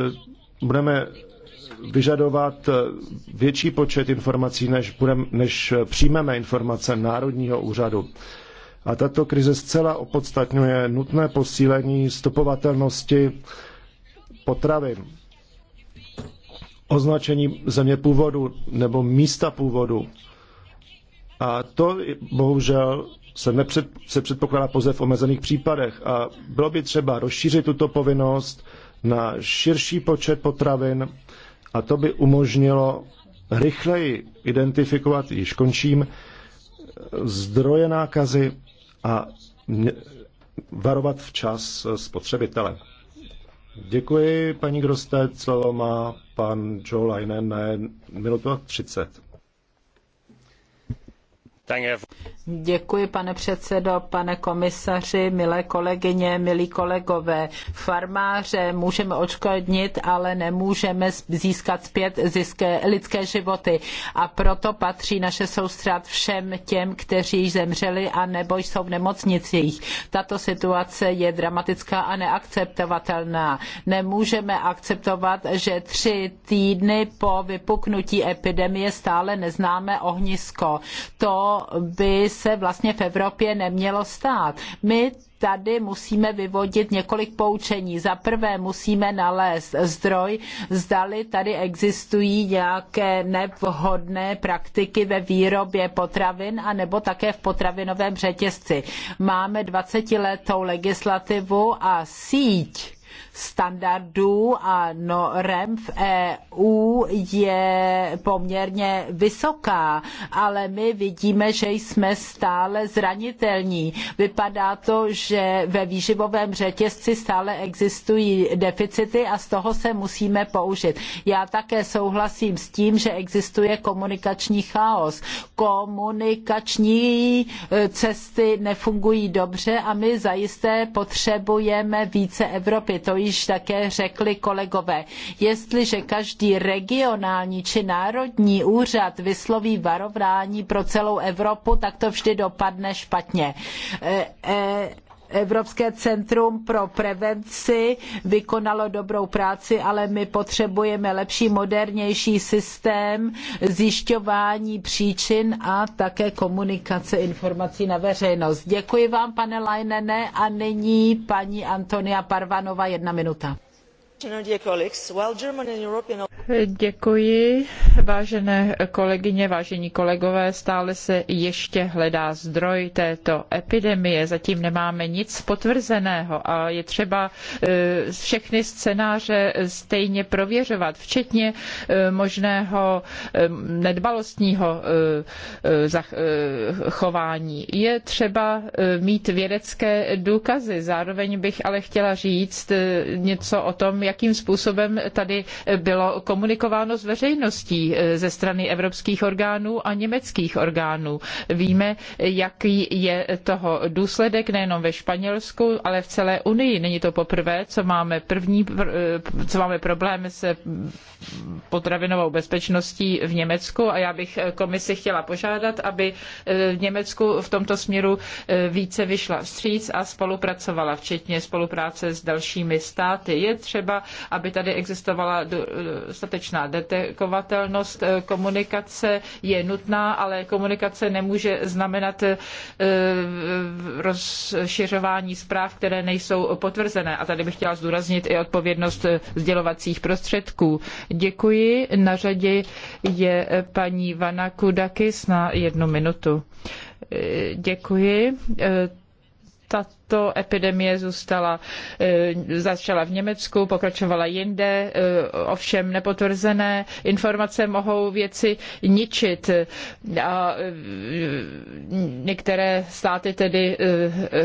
budeme vyžadovat větší počet informací, než, budem, než přijmeme informace Národního úřadu. A tato krize zcela opodstatňuje nutné posílení stopovatelnosti potravin, označení země původu nebo místa původu. A to bohužel se, nepřed, se předpokládá pouze v omezených případech. A bylo by třeba rozšířit tuto povinnost na širší počet potravin a to by umožnilo rychleji identifikovat, již končím, zdroje nákazy a varovat včas spotřebitele. Děkuji, paní Grostet. Slovo má pan Joe Leinen na minutu a 30. Děkuji, pane předsedo, pane komisaři, milé kolegyně, milí kolegové. Farmáře můžeme očkodnit, ale nemůžeme získat zpět ziské, lidské životy. A proto patří naše soustřad všem těm, kteří zemřeli a nebo jsou v nemocnicích. Tato situace je dramatická a neakceptovatelná. Nemůžeme akceptovat, že tři týdny po vypuknutí epidemie stále neznáme ohnisko. To by se vlastně v Evropě nemělo stát. My tady musíme vyvodit několik poučení. Za prvé musíme nalézt zdroj, zdali tady existují nějaké nevhodné praktiky ve výrobě potravin a nebo také v potravinovém řetězci. Máme 20 letou legislativu a síť standardů a norem v EU je poměrně vysoká, ale my vidíme, že jsme stále zranitelní. Vypadá to, že ve výživovém řetězci stále existují deficity a z toho se musíme použít. Já také souhlasím s tím, že existuje komunikační chaos. Komunikační e, cesty nefungují dobře a my zajisté potřebujeme více Evropy. To již také řekli kolegové. Jestliže každý regionální či národní úřad vysloví varování pro celou Evropu, tak to vždy dopadne špatně. E, e, Evropské centrum pro prevenci vykonalo dobrou práci, ale my potřebujeme lepší, modernější systém zjišťování příčin a také komunikace informací na veřejnost. Děkuji vám, pane Leinene, a nyní paní Antonia Parvanova, jedna minuta. Děkuji, vážené kolegyně, vážení kolegové. Stále se ještě hledá zdroj této epidemie. Zatím nemáme nic potvrzeného a je třeba e, všechny scénáře stejně prověřovat, včetně e, možného e, nedbalostního chování. Je třeba mít vědecké důkazy. Zároveň bych ale chtěla říct něco o tom, jak jakým způsobem tady bylo komunikováno s veřejností eh, ze strany evropských orgánů a německých orgánů. Víme, jaký je toho důsledek nejenom ve Španělsku, ale v celé Unii. Není to poprvé, co máme první, eh, co máme problém s eh, potravinovou bezpečností v Německu a já bych komisi chtěla požádat, aby v Německu v tomto směru více vyšla vstříc a spolupracovala, včetně spolupráce s dalšími státy. Je třeba aby tady existovala dostatečná detekovatelnost. Eh, komunikace je nutná, ale komunikace nemůže znamenat eh, rozšiřování zpráv, které nejsou potvrzené. A tady bych chtěla zdůraznit i odpovědnost eh, sdělovacích prostředků. Děkuji. Na řadě je paní Vana Kudakis na jednu minutu. Děkuji. Tato tato epidemie zůstala, eh, začala v Německu, pokračovala jinde, eh, ovšem nepotvrzené informace mohou věci ničit a eh, některé státy tedy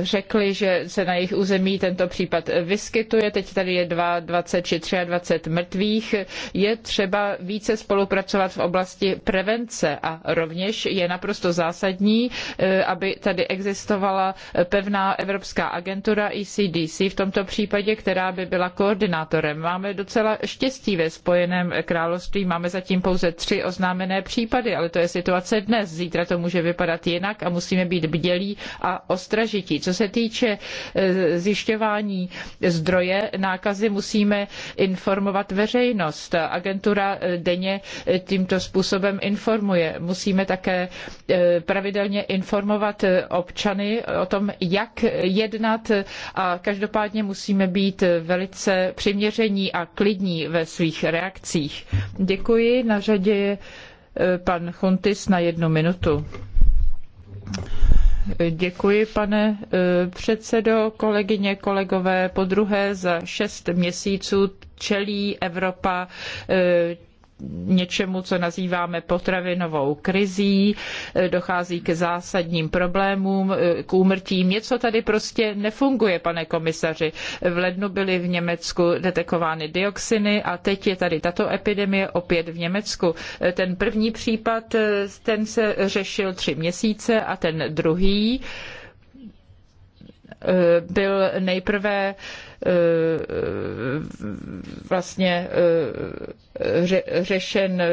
řekly, že se na jejich území tento případ vyskytuje. Teď tady je 22 či 23 mrtvých. Je třeba více spolupracovat v oblasti prevence a rovněž je naprosto zásadní, aby tady existovala pevná evropská evropská agentura ECDC v tomto případě, která by byla koordinátorem. Máme docela štěstí ve Spojeném království, máme zatím pouze tři oznámené případy, ale to je situace dnes. Zítra to může vypadat jinak a musíme být bdělí a ostražití. Co se týče e, zjišťování zdroje nákazy, musíme informovat veřejnost. Agentura e, denně e, tímto způsobem informuje. Musíme také pravidelně informovat občany o tom, jak jednat a každopádně musíme být velice přiměření a klidní ve svých reakcích. Děkuji. Na řadě je eh, pan Chuntis na jednu minutu. Děkuji, pane eh, předsedo, kolegyně, kolegové. Po druhé za šest měsíců čelí Evropa eh, něčemu, co nazýváme potravinovou krizí, dochází k zásadním problémům, k úmrtím. Něco tady prostě nefunguje, pane komisaři. V lednu byly v Německu detekovány dioxiny a teď je tady tato epidemie opět v Německu. Ten první případ, ten se řešil tři měsíce a ten druhý eh, byl nejprve E, vlastně e, řešen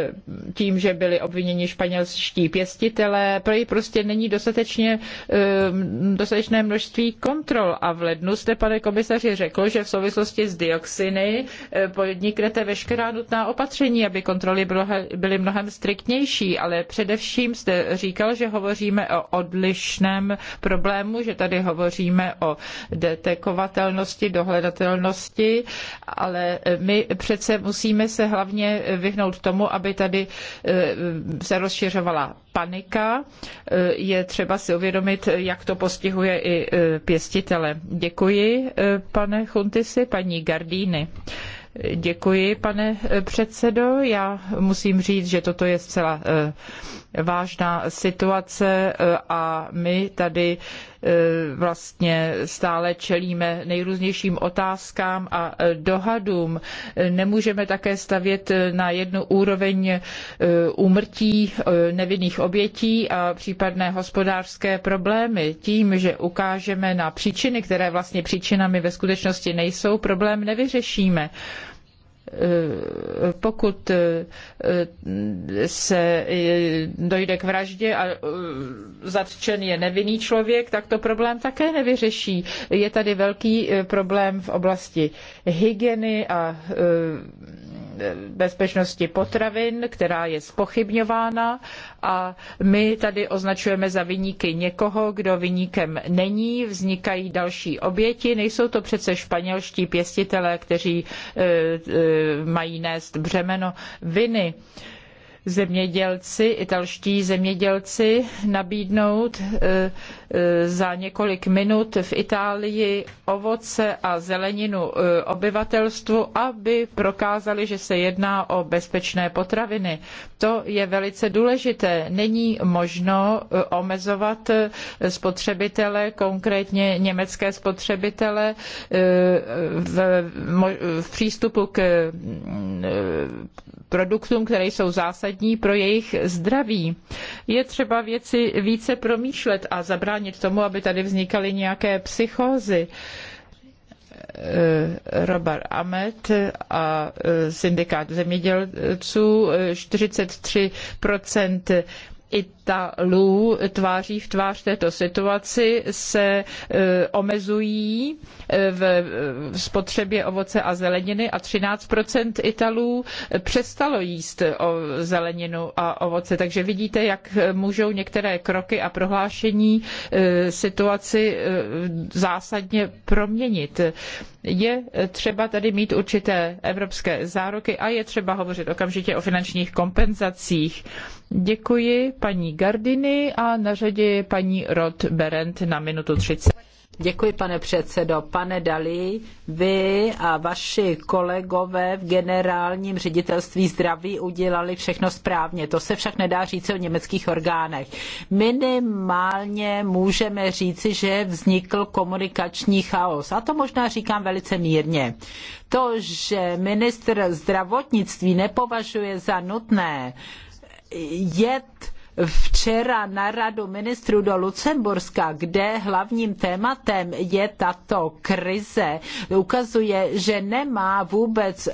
tím, že byli obviněni španělští pěstitelé. Prostě není dostatečně, e, dostatečné množství kontrol. A v lednu jste, pane komisaři, řekl, že v souvislosti s dioxiny podniknete veškerá nutná opatření, aby kontroly byly mnohem striktnější, ale především jste říkal, že hovoříme o odlišném problému, že tady hovoříme o detekovatelnosti dohledu dohledatelnosti, ale my přece musíme se hlavně vyhnout tomu, aby tady eh, se rozšiřovala panika. Eh, je třeba si uvědomit, jak to postihuje i eh, pěstitele. Děkuji, pane Chuntisi, paní Gardíny. Děkuji, pane předsedo. Já musím říct, že toto je zcela vážná situace a my tady E, vlastně stále čelíme nejrůznějším otázkám a e, dohadům. E, nemůžeme také stavět na jednu úroveň úmrtí nevinných obětí a případné hospodářské problémy. Tím, že ukážeme na příčiny, které vlastně příčinami ve skutečnosti nejsou, problém nevyřešíme. Eh, pokud eh, se dojde k vraždě a eh, zatčen je nevinný člověk, tak to problém také nevyřeší. Je tady velký problém v oblasti hygieny a bezpečnosti potravin, která je spochybňována a my tady označujeme za vyníky někoho, kdo vyníkem není, vznikají další oběti, nejsou to přece španělští pěstitelé, kteří eh, eh, mají nést břemeno viny. E, zemědělci, italští zemědělci nabídnout eh, eh, za několik minut v Itálii ovoce a zeleninu eh, obyvatelstvu, aby prokázali, že se jedná o bezpečné potraviny. To je velice důležité. Není možno omezovat spotřebitele, konkrétně německé spotřebitele, v, přístupu k mm, produktům, které jsou zásadní zásadní pro jejich zdraví. Je třeba věci více promýšlet a zabránit tomu, aby tady vznikaly nějaké psychózy. Eh, Robert Ahmed a eh, syndikát zemědělců 43 eh, Italů tváří v tvář této situaci se e, omezují e, v spotřebě ovoce a zeleniny a 13 Italů přestalo jíst zeleninu a ovoce. Takže vidíte, jak můžou některé kroky a prohlášení e, situaci zásadně proměnit. Je třeba tady mít určité evropské záruky a je třeba hovořit okamžitě o finančních kompenzacích. Děkuji paní Gardiny a na řadě je paní Rod Berend na minutu 30. Děkuji, pane předsedo. Pane Dali, vy a vaši kolegové v generálním ředitelství zdraví udělali všechno správně. To se však nedá říci o německých orgánech. Minimálně můžeme říci, že vznikl komunikační chaos. A to možná říkám velice mírně. To, že ministr zdravotnictví nepovažuje za nutné jet včera na radu ministrů do Lucemburska, kde hlavním tématem je tato krize, ukazuje, že nemá vůbec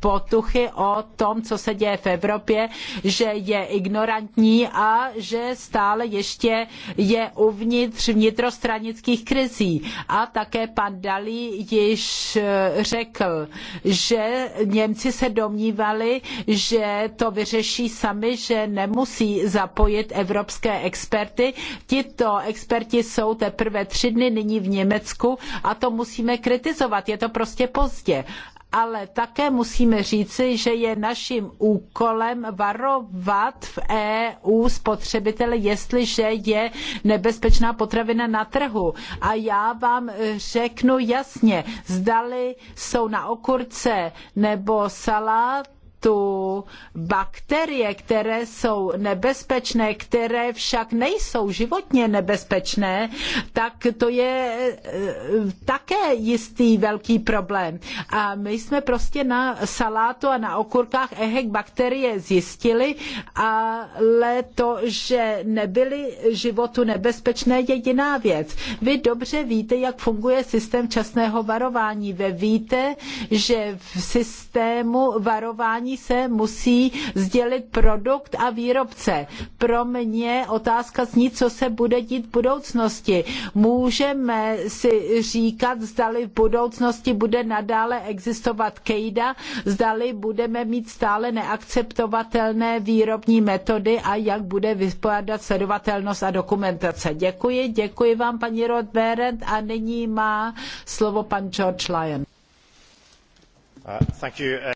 potuchy o tom, co se děje v Evropě, že je ignorantní a že stále ještě je uvnitř vnitrostranických krizí. A také pan Dalí již eh, řekl, že Němci se domnívali, že to vyřeší sami, že nemusí za zapojit evropské experty. Tito experti jsou teprve tři dny nyní v Německu a to musíme kritizovat. Je to prostě pozdě ale také musíme říci, že je naším úkolem varovat v EU spotřebitele, jestliže je nebezpečná potravina na trhu. A já vám řeknu jasně, zdali jsou na okurce nebo salát, tu bakterie, které jsou nebezpečné, které však nejsou životně nebezpečné, tak to je eh, také jistý velký problém. A my jsme prostě na salátu a na okurkách ehek bakterie zjistili, ale to, že nebyly životu nebezpečné, je jiná věc. Vy dobře víte, jak funguje systém časného varování. Vy víte, že v systému varování se musí sdělit produkt a výrobce. Pro mě otázka zní, co se bude dít v budoucnosti. Můžeme si říkat, zdali v budoucnosti bude nadále existovat Kejda, zdali budeme mít stále neakceptovatelné výrobní metody a jak bude vypadat sledovatelnost a dokumentace. Děkuji, děkuji vám, paní Rothberend, a nyní má slovo pan George Lyon.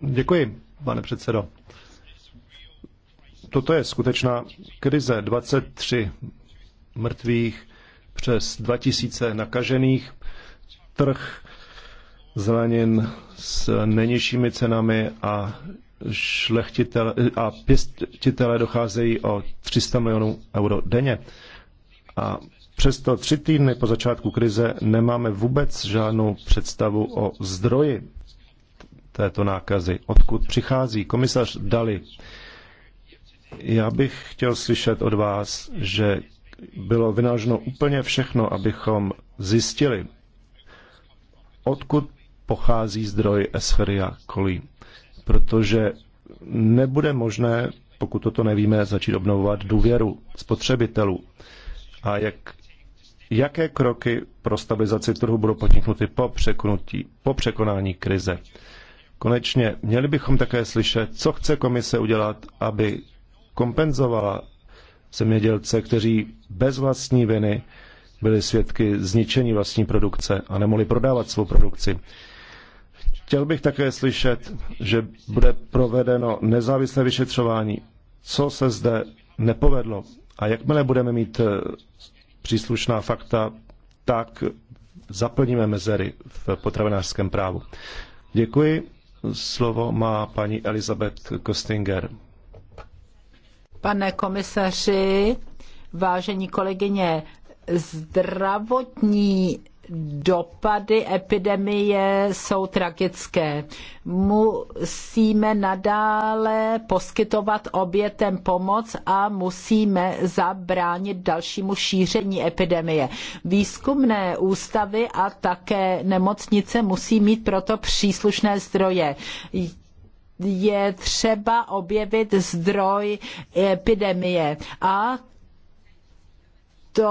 Děkuji pane předsedo. Toto je skutečná krize. 23 mrtvých, přes 2000 nakažených, trh zelenin s nejnižšími cenami a šlechtitele a pěstitele docházejí o 300 milionů euro denně. A přesto tři týdny po začátku krize nemáme vůbec žádnou představu o zdroji této nákazy. Odkud přichází komisař Dali? Já bych chtěl slyšet od vás, že bylo vynaloženo úplně všechno, abychom zjistili, odkud pochází zdroj Escheria kolí. Protože nebude možné, pokud toto nevíme, začít obnovovat důvěru spotřebitelů. A jak, jaké kroky pro stabilizaci trhu budou podniknuty po, překonutí, po překonání krize? Konečně měli bychom také slyšet, co chce komise udělat, aby kompenzovala zemědělce, kteří bez vlastní viny byli svědky zničení vlastní produkce a nemohli prodávat svou produkci. Chtěl bych také slyšet, že bude provedeno nezávislé vyšetřování, co se zde nepovedlo. A jakmile budeme mít eh, příslušná fakta, tak zaplníme mezery v potravinářském právu. Děkuji. Slovo má paní Elizabeth Kostinger. Pane komisaři, vážení kolegyně, zdravotní dopady epidemie jsou tragické. Musíme nadále poskytovat obětem pomoc a musíme zabránit dalšímu šíření epidemie. Výzkumné ústavy a také nemocnice musí mít proto příslušné zdroje je třeba objevit zdroj epidemie a to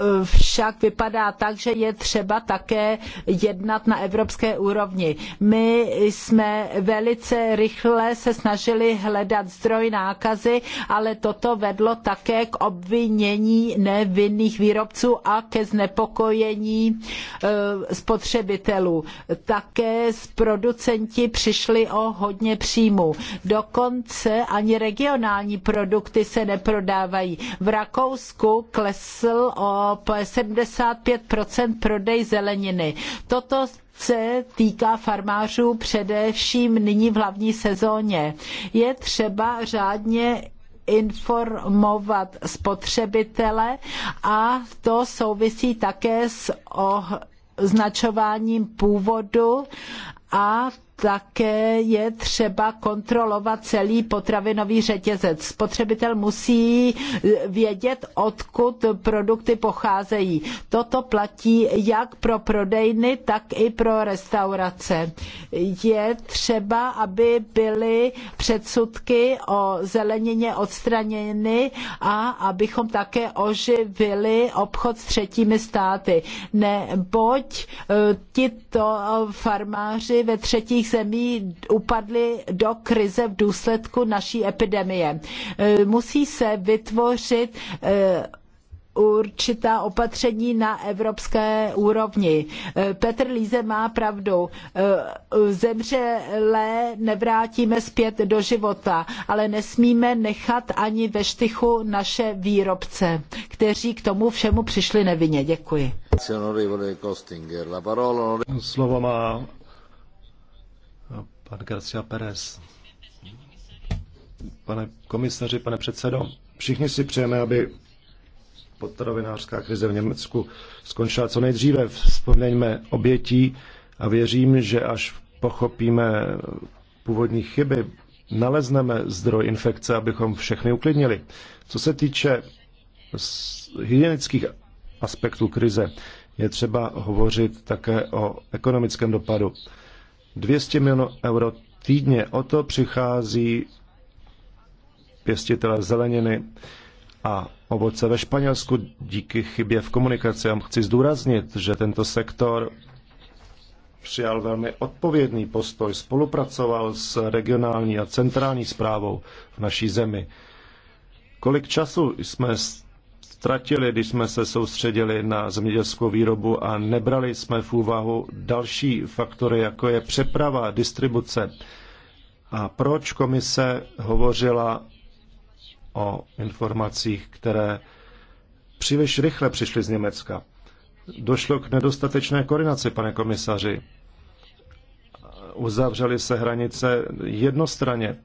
Eh, však vypadá tak, že je třeba také jednat na evropské úrovni. My jsme velice rychle se snažili hledat zdroj nákazy, ale toto vedlo také k obvinění nevinných výrobců a ke znepokojení eh, spotřebitelů. Také z producenti přišli o hodně příjmů. Dokonce ani regionální produkty se neprodávají. V Rakousku klesl o o 75 prodej zeleniny. Toto se týká farmářů především nyní v hlavní sezóně. Je třeba řádně informovat spotřebitele a to souvisí také s označováním původu a také je třeba kontrolovat celý potravinový řetězec. Spotřebitel musí vědět, odkud produkty pocházejí. Toto platí jak pro prodejny, tak i pro restaurace. Je třeba, aby byly předsudky o zelenině odstraněny a abychom také oživili obchod s třetími státy. Neboť eh, tito farmáři ve třetích členských zemí upadly do krize v důsledku naší epidemie. E, musí se vytvořit e, určitá opatření na evropské úrovni. E, Petr Líze má pravdu. Zemřelé nevrátíme zpět do života, ale nesmíme nechat ani ve štychu naše výrobce, kteří k tomu všemu přišli nevinně. Děkuji. Slovo má Pan Garcia Perez. Pane komisaři, pane předsedo, všichni si přejeme, aby potravinářská krize v Německu skončila co nejdříve. Vzpomeňme obětí a věřím, že až pochopíme původní chyby, nalezneme zdroj infekce, abychom všechny uklidnili. Co se týče hygienických aspektů krize, je třeba hovořit také o ekonomickém dopadu. 200 milionů euro týdně. O to přichází pěstitele zeleniny a ovoce ve Španělsku díky chybě v komunikaci. Já chci zdůraznit, že tento sektor přijal velmi odpovědný postoj, spolupracoval s regionální a centrální zprávou v naší zemi. Kolik času jsme ztratili, když jsme se soustředili na zemědělskou výrobu a nebrali jsme v úvahu další faktory, jako je přeprava, distribuce. A proč komise hovořila o informacích, které příliš rychle přišly z Německa? Došlo k nedostatečné koordinaci, pane komisaři. Uzavřely se hranice jednostranně.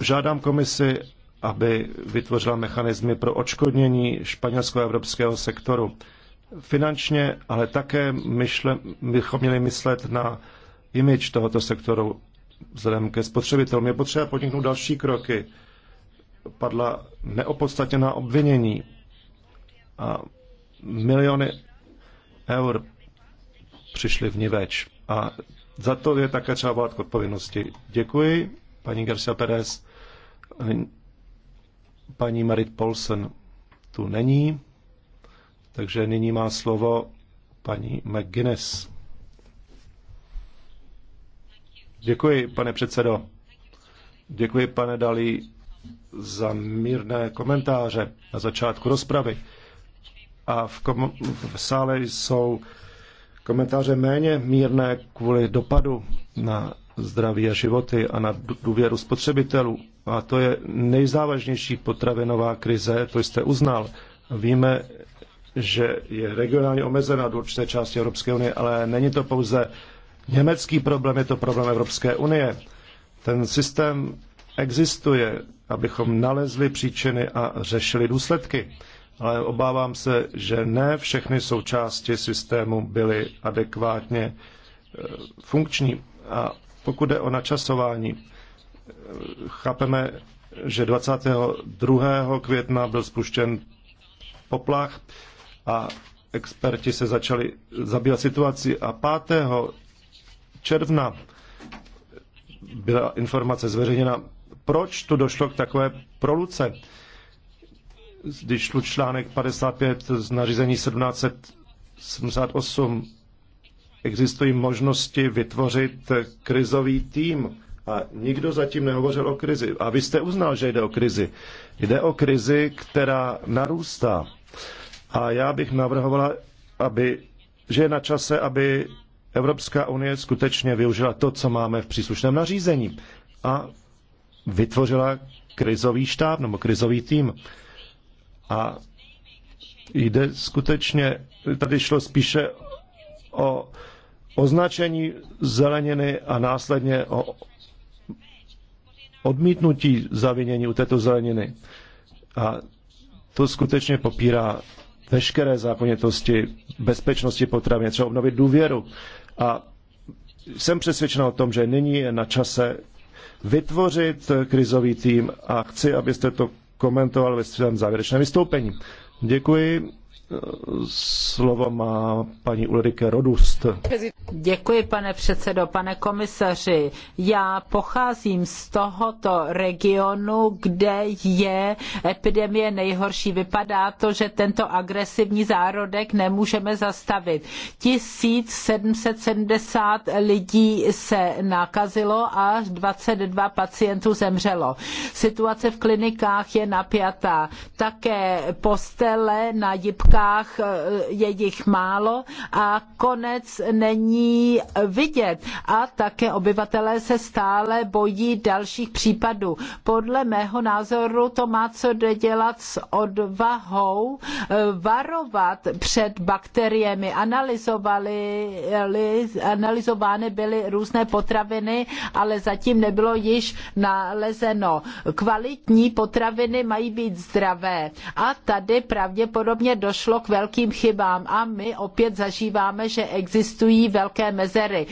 Žádám komisi, aby vytvořila mechanismy pro očkodnění španělského evropského sektoru. Finančně, ale také myšle, bychom měli myslet na imič tohoto sektoru vzhledem ke spotřebitelům. Je potřeba podniknout další kroky. Padla neopodstatněná obvinění a miliony eur přišly v ní več. A za to je také třeba volat k odpovědnosti. Děkuji, paní Garcia Pérez. Paní Marit Polsen tu není, takže nyní má slovo paní McGuinness. Děkuji, pane předsedo. Děkuji, pane Dalí, za mírné komentáře na začátku rozpravy. A v, kom- v sále jsou komentáře méně mírné kvůli dopadu na zdraví a životy a na důvěru spotřebitelů a to je nejzávažnější potravinová krize, to jste uznal. Víme, že je regionálně omezená do určité části Evropské unie, ale není to pouze německý problém, je to problém Evropské unie. Ten systém existuje, abychom nalezli příčiny a řešili důsledky. Ale obávám se, že ne všechny součásti systému byly adekvátně eh, funkční. A pokud jde o načasování, chápeme, že 22. května byl spuštěn poplach a experti se začali zabývat situací a 5. června byla informace zveřejněna, proč tu došlo k takové proluce. Když šlu článek 55 z nařízení 1778, existují možnosti vytvořit krizový tým a nikdo zatím nehovořil o krizi. A vy jste uznal, že jde o krizi. Jde o krizi, která narůstá. A já bych navrhovala, aby, že je na čase, aby Evropská unie skutečně využila to, co máme v příslušném nařízení a vytvořila krizový štáb nebo krizový tým. A jde skutečně, tady šlo spíše o označení zeleniny a následně o odmítnutí zavinění u této zeleniny. A to skutečně popírá veškeré zákonitosti bezpečnosti potravin, třeba obnovit důvěru. A jsem přesvědčen o tom, že nyní je na čase vytvořit krizový tým a chci, abyste to komentoval ve svém závěrečném vystoupení. Děkuji Slovo má paní Ulrike Rodust. Děkuji, pane předsedo, pane komisaři. Já pocházím z tohoto regionu, kde je epidemie nejhorší. Vypadá to, že tento agresivní zárodek nemůžeme zastavit. 1770 lidí se nakazilo a 22 pacientů zemřelo. Situace v klinikách je napjatá. Také postele na jibka bankách eh, je jich málo a konec není vidět. A také obyvatelé se stále bojí dalších případů. Podle mého názoru to má co dělat s odvahou eh, varovat před bakteriemi. Analyzovali, analyzovány byly různé potraviny, ale zatím nebylo již nalezeno. Kvalitní potraviny mají být zdravé. A tady pravděpodobně došlo došlo k velkým chybám a my opět zažíváme, že existují velké mezery.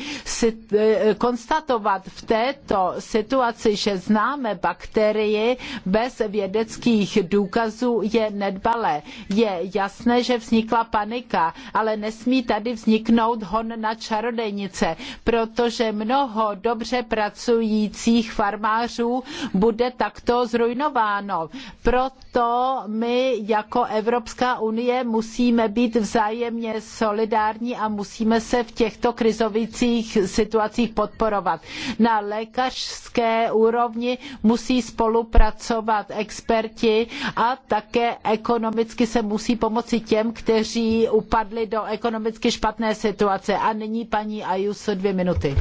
E, konstatovat v této situaci, že známe bakterii bez vědeckých důkazů je nedbalé. Je jasné, že vznikla panika, ale nesmí tady vzniknout hon na čarodejnice, protože mnoho dobře pracujících farmářů bude takto zrujnováno. Proto my jako Evropská unie musíme být vzájemně solidární a musíme se v těchto krizových situacích podporovat. Na lékařské úrovni musí spolupracovat experti a také ekonomicky se musí pomoci těm, kteří upadli do ekonomicky špatné situace. A nyní paní Ayuso dvě minuty.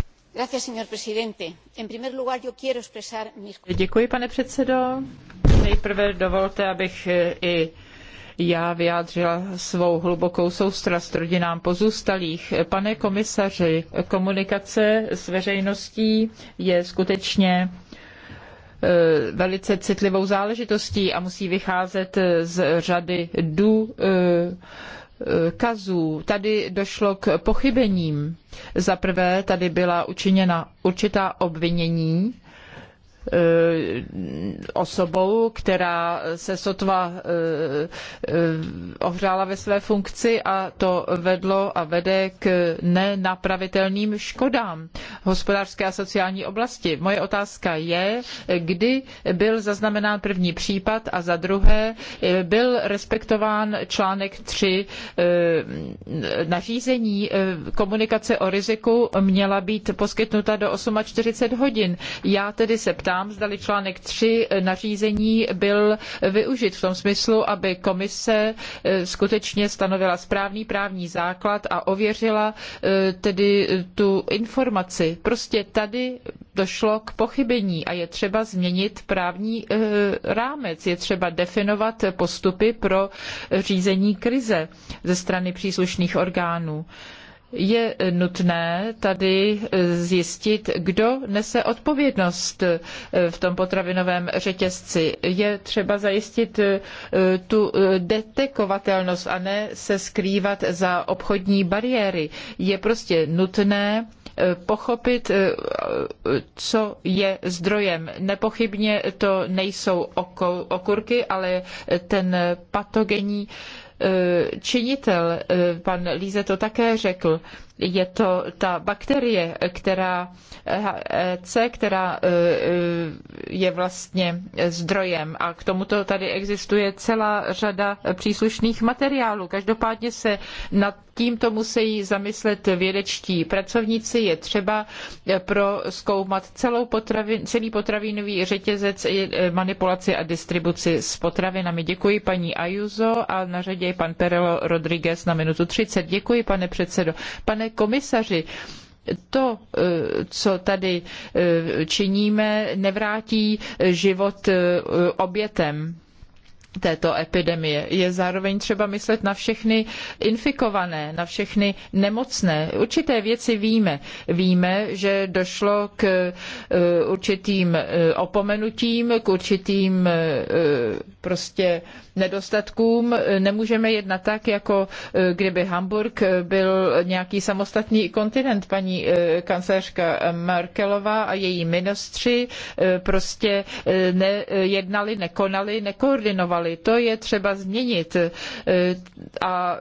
Děkuji, pane předsedo. Nejprve dovolte, abych i já vyjádřila svou hlubokou soustrast rodinám pozůstalých. Pane komisaři, komunikace s veřejností je skutečně e, velice citlivou záležitostí a musí vycházet z řady dů, kazů. Tady došlo k pochybením. Za prvé tady byla učiněna určitá obvinění Eh, osobou, která se sotva eh, eh, ohřála ve své funkci a to vedlo a vede k nenapravitelným škodám hospodářské a sociální oblasti. Moje otázka je, kdy byl zaznamenán první případ a za druhé byl respektován článek 3 nařízení komunikace o riziku měla být poskytnuta do 840 hodin. Já tedy se ptám, ptám, zdali článek 3 nařízení byl využit v tom smyslu, aby komise eh, skutečně stanovila správný právní základ a ověřila eh, tedy eh, tu informaci. Prostě tady došlo k pochybení a je třeba změnit právní rámec, je třeba definovat postupy pro řízení krize ze strany příslušných orgánů je nutné tady zjistit, kdo nese odpovědnost v tom potravinovém řetězci. Je třeba zajistit eh, tu eh, detekovatelnost a ne se skrývat za obchodní bariéry. Je prostě nutné eh, pochopit, co je zdrojem. Nepochybně to nejsou okurky, ale ten patogenní Eh, činitel. Eh, pan Líze to také řekl. Je to ta bakterie, která e c, která e, e, je vlastně zdrojem a k tomuto tady existuje celá řada příslušných materiálů. Každopádně se nad tímto musí zamyslet vědečtí pracovníci. Je třeba zkoumat celou potravin, celý potravinový řetězec manipulaci a distribuci s potravinami. Děkuji paní Ajuzo a na řadě je pan Perelo Rodriguez na minutu 30. Děkuji, pane předsedo. Pane komisaři, to, eh, co tady eh, činíme, nevrátí eh, život obětem této epidemie. Je zároveň třeba myslet na všechny infikované, na všechny nemocné. Určité věci víme. Víme, že došlo k určitým opomenutím, k určitým prostě nedostatkům. Nemůžeme jednat tak, jako eh, kdyby Hamburg byl nějaký samostatný kontinent. Paní eh, kancelářka Merkelová a její ministři eh, prostě nejednali, nekonali, nekoordinovali. To je třeba změnit. A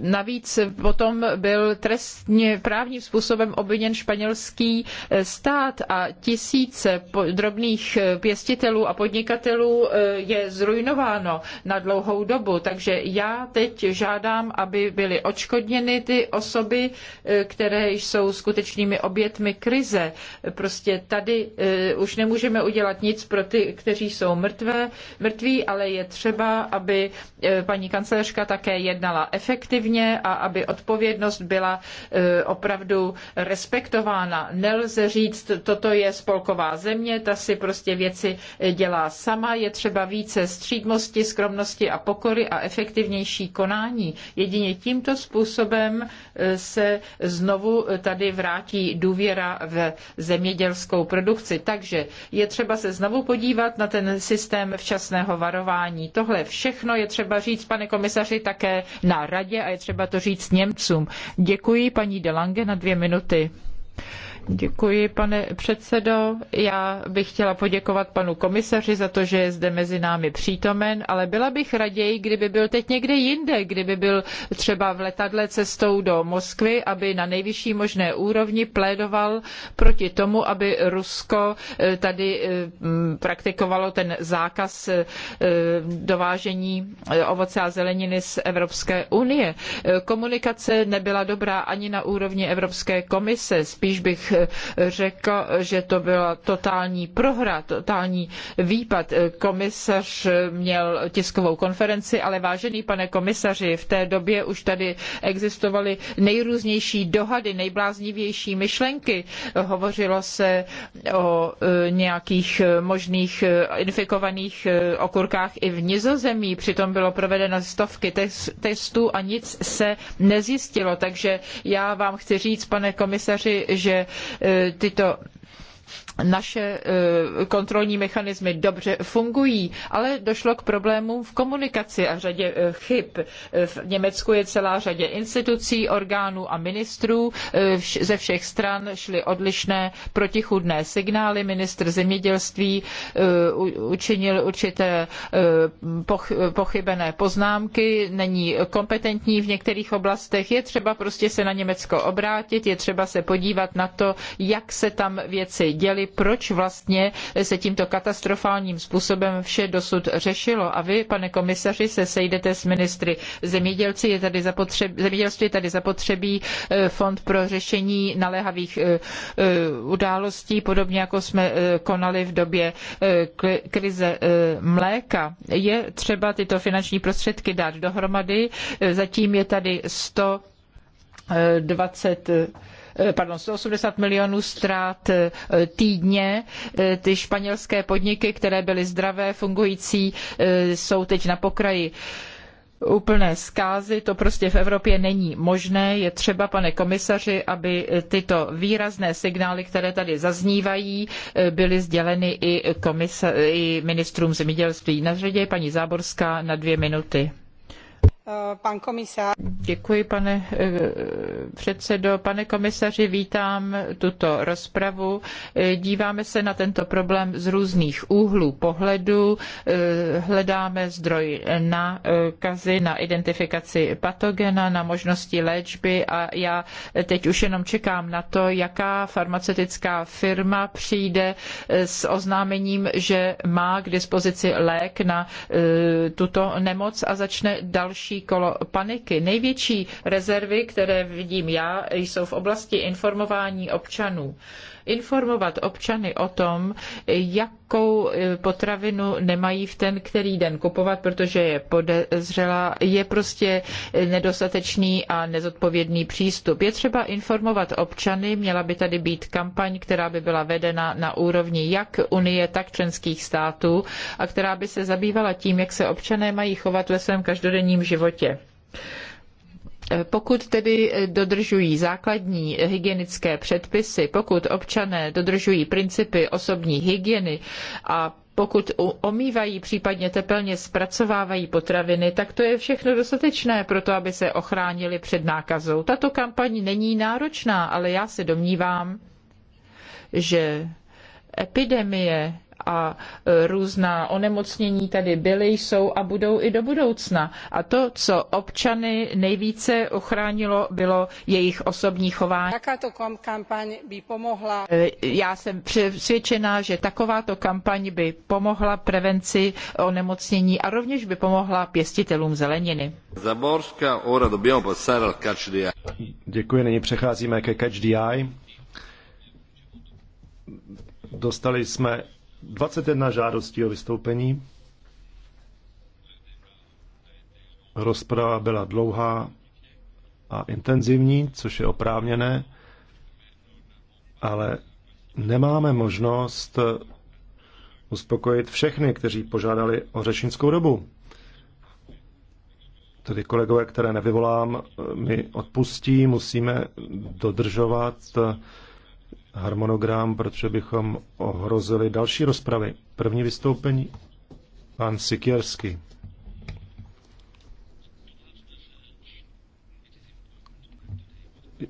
navíc potom byl trestně právním způsobem obviněn španělský stát a tisíce drobných pěstitelů a podnikatelů je zrujnováno na dlouhou dobu. Takže já teď žádám, aby byly odškodněny ty osoby, eh, které jsou skutečnými obětmi krize. Prostě tady eh, už nemůžeme udělat nic pro ty, kteří jsou mrtvé, mrtví, ale je třeba, aby eh, paní kancléřka také jednala efektivně a aby odpovědnost byla opravdu respektována. Nelze říct, toto je spolková země, ta si prostě věci dělá sama, je třeba více střídmosti, skromnosti, přítomnosti a pokory a efektivnější konání. Jedině tímto způsobem eh, se znovu tady vrátí důvěra v zemědělskou produkci. Takže je třeba se znovu podívat na ten systém včasného varování. Tohle všechno je třeba říct, pane komisaři, také na radě a je třeba to říct Němcům. Děkuji paní Delange na dvě minuty. Děkuji, pane předsedo. Já bych chtěla poděkovat panu komisaři za to, že je zde mezi námi přítomen, ale byla bych raději, kdyby byl teď někde jinde, kdyby byl třeba v letadle cestou do Moskvy, aby na nejvyšší možné úrovni plédoval proti tomu, aby Rusko eh, tady eh, praktikovalo ten zákaz eh, dovážení ovoce a zeleniny z Evropské unie. Komunikace nebyla dobrá ani na úrovni Evropské komise. Spíš bych řekl, že to byla totální prohra, totální výpad. Komisař měl tiskovou konferenci, ale vážený pane komisaři, v té době už tady existovaly nejrůznější dohady, nejbláznivější myšlenky. Hovořilo se o e, nějakých možných e, infikovaných e, okurkách i v Nizozemí, přitom bylo provedeno stovky testů a nic se nezjistilo. Takže já vám chci říct, pane komisaři, že Eh, tyto naše eh, kontrolní mechanismy dobře fungují, ale došlo k problémům v komunikaci a řadě eh, chyb. Eh, v Německu je celá řadě institucí, orgánů a ministrů. Ze všech stran šly odlišné protichůdné signály. Ministr zemědělství učinil určité pochybené poznámky, není kompetentní v některých oblastech. Je třeba prostě se na Německo obrátit, je třeba se podívat na to, jak se tam věci děli, proč vlastně se tímto katastrofálním způsobem vše dosud řešilo. A vy, pane komisaři, se sejdete s ministry zemědělci, je tady zapotřebí, zemědělství je tady zapotřebí e, fond pro řešení naléhavých e, e, událostí, podobně jako jsme konali v době krize mléka. Je třeba tyto finanční prostředky dát dohromady. Zatím je tady 120. Eh, pardon, 180 milionů ztrát eh, týdně. Eh, ty španělské podniky, které byly zdravé, fungující, jsou teď na pokraji úplné zkázy, to prostě v Evropě není možné. Je třeba, pane komisaři, aby tyto výrazné signály, které tady zaznívají, byly sděleny i, komisa- i ministrům zemědělství. Na řadě je paní Záborská na dvě minuty. Děkuji, pane eh, předsedající Pane komisaři, vítám tuto rozpravu. Eh, díváme se na tento problém z různých úhlů pohledu. Eh, hledáme zdroj nákazy na identifikaci patogena, na možnosti léčby a já teď už jenom čekám na to, jaká farmaceutická firma přijde s oznámením, že má k dispozici lék na tuto nemoc a začne další další kolo paniky. Největší rezervy, které vidím já, jsou v oblasti informování občanů informovat občany o tom, jakou e, potravinu nemají v ten který den kupovat, protože je podezřelá, je prostě nedostatečný a nezodpovědný přístup. Je třeba informovat občany, měla by tady být kampaň, která by byla vedena na úrovni jak Unie, tak členských států a která by se zabývala tím, jak se občané mají chovat ve svém každodenním životě. Pokud tedy dodržují základní hygienické předpisy, pokud občané dodržují principy osobní hygieny a pokud omývají, případně tepelně zpracovávají potraviny, tak to je všechno dostatečné pro to, aby se ochránili před nákazou. Tato kampaň není náročná, ale já se domnívám, že epidemie a e, různá onemocnění tady byly, jsou a budou i do budoucna. A to, co občany nejvíce ochránilo, bylo jejich osobní chování. Takáto kampaň by pomohla. E, já jsem přesvědčená, že takováto kampaň by pomohla prevenci onemocnění a rovněž by pomohla pěstitelům zeleniny. Zaborská, ora dobbiamo passare al catch the Děkuji, nyní přecházíme ke catch the eye. Dostali jsme 21 žádostí o vystoupení. Rozprava byla dlouhá a intenzivní, což je oprávněné, ale nemáme možnost uspokojit všechny, kteří požádali o řečnickou dobu. Tedy kolegové, které nevyvolám, mi odpustí, musíme dodržovat harmonogram, protože bychom ohrozili další rozpravy. První vystoupení pan Sikierský.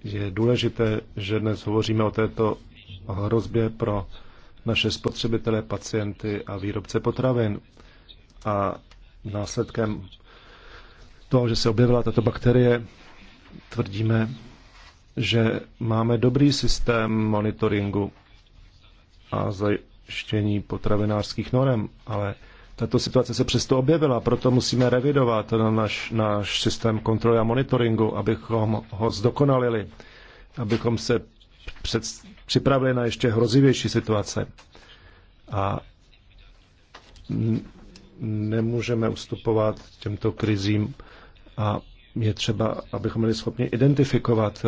Je důležité, že dnes hovoříme o této hrozbě pro naše spotřebitele, pacienty a výrobce potravin. A následkem toho, že se objevila tato bakterie, tvrdíme, že máme dobrý systém monitoringu a zajištění potravinářských norem, ale tato situace se přesto objevila, proto musíme revidovat na náš, náš systém kontroly a monitoringu, abychom ho zdokonalili, abychom se před, připravili na ještě hrozivější situace. A nemůžeme ustupovat těmto krizím a je třeba, abychom byli schopni identifikovat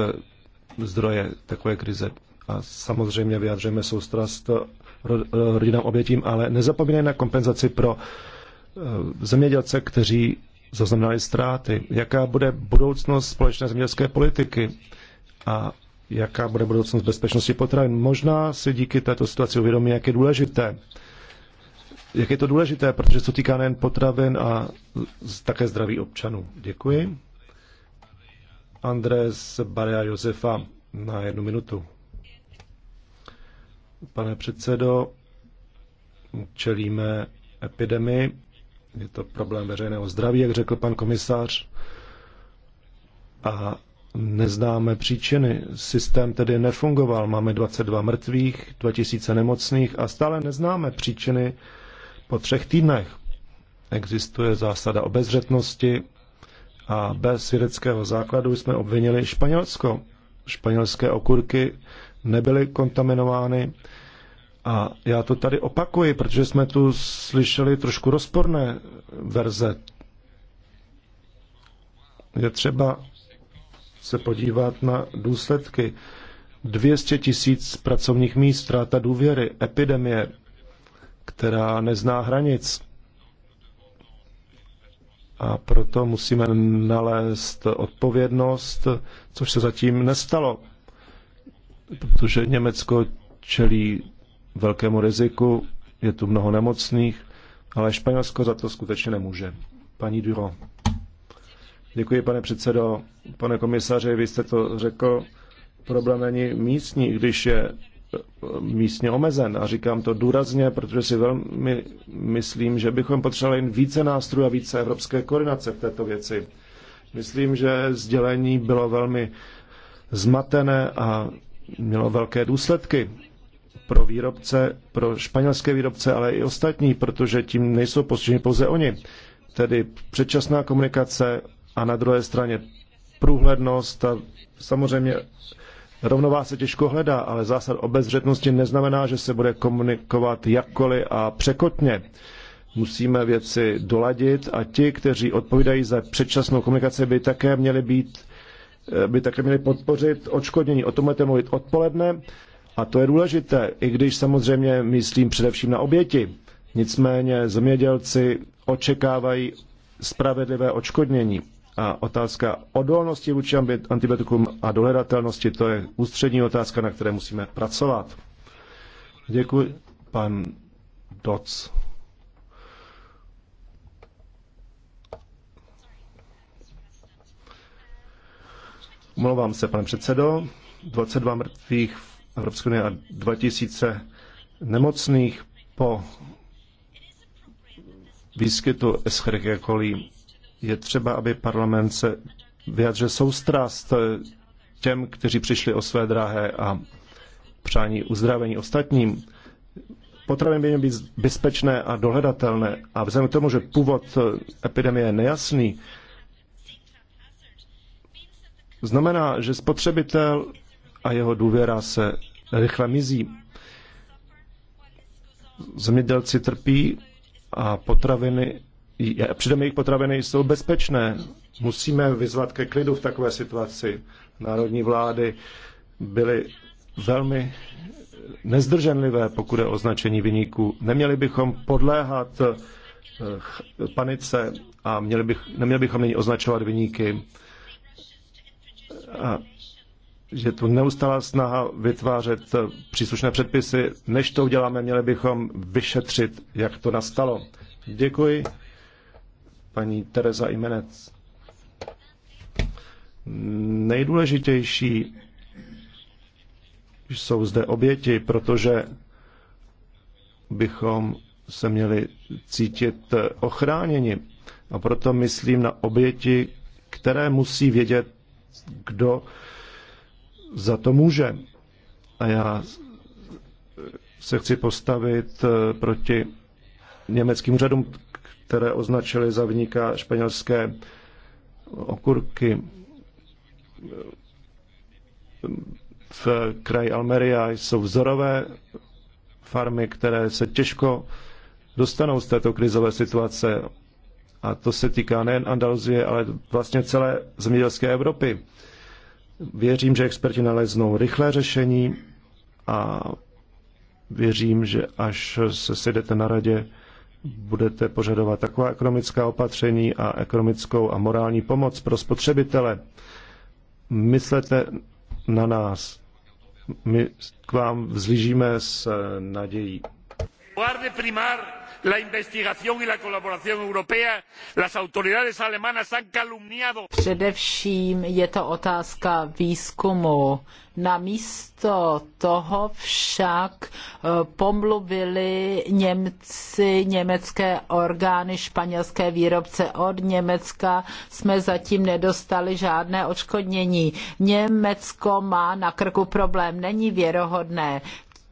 zdroje takové krize. A samozřejmě vyjadřujeme soustrast rodinám obětím, ale nezapomínej na kompenzaci pro eh, zemědělce, kteří zaznamenali ztráty. Jaká bude budoucnost společné zemědělské politiky a jaká bude budoucnost bezpečnosti potravin. Možná si díky této situaci uvědomí, jak je důležité. Jak je to důležité, protože se týká nejen potravin a také zdraví občanů. Děkuji. Andres Barea Josefa na jednu minutu. Pane předsedo, čelíme epidemii. Je to problém veřejného zdraví, jak řekl pan komisář. A neznáme příčiny. Systém tedy nefungoval. Máme 22 mrtvých, 2000 nemocných a stále neznáme příčiny po třech týdnech. Existuje zásada obezřetnosti, a bez vědeckého základu jsme obvinili Španělsko. Španělské okurky nebyly kontaminovány. A já to tady opakuji, protože jsme tu slyšeli trošku rozporné verze. Je třeba se podívat na důsledky. 200 tisíc pracovních míst, ta důvěry, epidemie, která nezná hranic a proto musíme nalézt odpovědnost, což se zatím nestalo, protože Německo čelí velkému riziku, je tu mnoho nemocných, ale Španělsko za to skutečně nemůže. Paní Duro. Děkuji, pane předsedo. Pane komisaři, vy jste to řekl. Problém není místní, když je místně omezen. A říkám to důrazně, protože si velmi myslím, že bychom potřebovali jen více nástrojů a více evropské koordinace v této věci. Myslím, že sdělení bylo velmi zmatené a mělo velké důsledky pro výrobce, pro španělské výrobce, ale i ostatní, protože tím nejsou postiženi pouze oni. Tedy předčasná komunikace a na druhé straně průhlednost a samozřejmě Rovnová se těžko hledá, ale zásad obezřetnosti neznamená, že se bude komunikovat jakkoliv a překotně. Musíme věci doladit a ti, kteří odpovídají za předčasnou komunikaci, by také měli být eh, by také měli podpořit odškodnění. O tom budete mluvit odpoledne a to je důležité, i když samozřejmě myslím především na oběti. Nicméně zemědělci očekávají spravedlivé odškodnění. A otázka odolnosti vůči antibiotikům a dohledatelnosti, to je ústřední otázka, na které musíme pracovat. Děkuji, pan Doc. Omlouvám se, pane předsedo. 22 mrtvých v Evropské unii a 2000 nemocných po výskytu Escherichia coli je třeba, aby parlament se vyjadřil soustrast eh, těm, kteří přišli o své drahé a přání uzdravení ostatním. Potraviny by měly být bezpečné a dohledatelné a vzhledem k tomu, že původ eh, epidemie je nejasný, znamená, že spotřebitel a jeho důvěra se rychle mizí. Zemědělci trpí a potraviny přitom jejich potraviny jsou bezpečné. Musíme vyzvat ke klidu v takové situaci. Národní vlády byly velmi nezdrženlivé, pokud je označení vyníků. Neměli bychom podléhat eh, panice a měli bych, neměli bychom nyní označovat vyníky. A že tu neustálá snaha vytvářet eh, příslušné předpisy. Než to uděláme, měli bychom vyšetřit, jak to nastalo. Děkuji paní Teresa Imenec. Nejdůležitější jsou zde oběti, protože bychom se měli cítit ochráněni. A proto myslím na oběti, které musí vědět, kdo za to může. A já se chci postavit proti německým úřadům, které označili za vníka španělské okurky. V kraji Almeria jsou vzorové farmy, které se těžko dostanou z této krizové situace. A to se týká nejen Andaluzie, ale vlastně celé zemědělské Evropy. Věřím, že experti naleznou rychlé řešení a věřím, že až se sedete na radě, budete požadovat taková ekonomická opatření a ekonomickou a morální pomoc pro spotřebitele. Myslete na nás. My k vám vzlížíme s nadějí. primar la investigación y la colaboración europea, las autoridades alemanas han calumniado. Především je to otázka výzkumu. Namísto toho však eh, pomluvili Němci, německé orgány, španělské výrobce od Německa. Jsme zatím nedostali žádné odškodnění. Německo má na krku problém, není věrohodné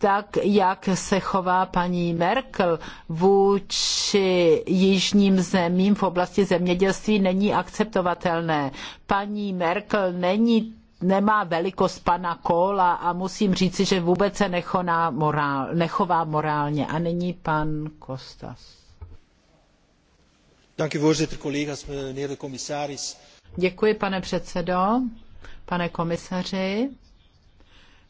tak, jak se chová paní Merkel vůči jižním zemím v oblasti zemědělství, není akceptovatelné. Paní Merkel není nemá velikost pana Kola a musím říci, že vůbec se nechoná morál, nechová morálně. A není pan Kostas. Děkuji, pane předsedo, pane komisaři.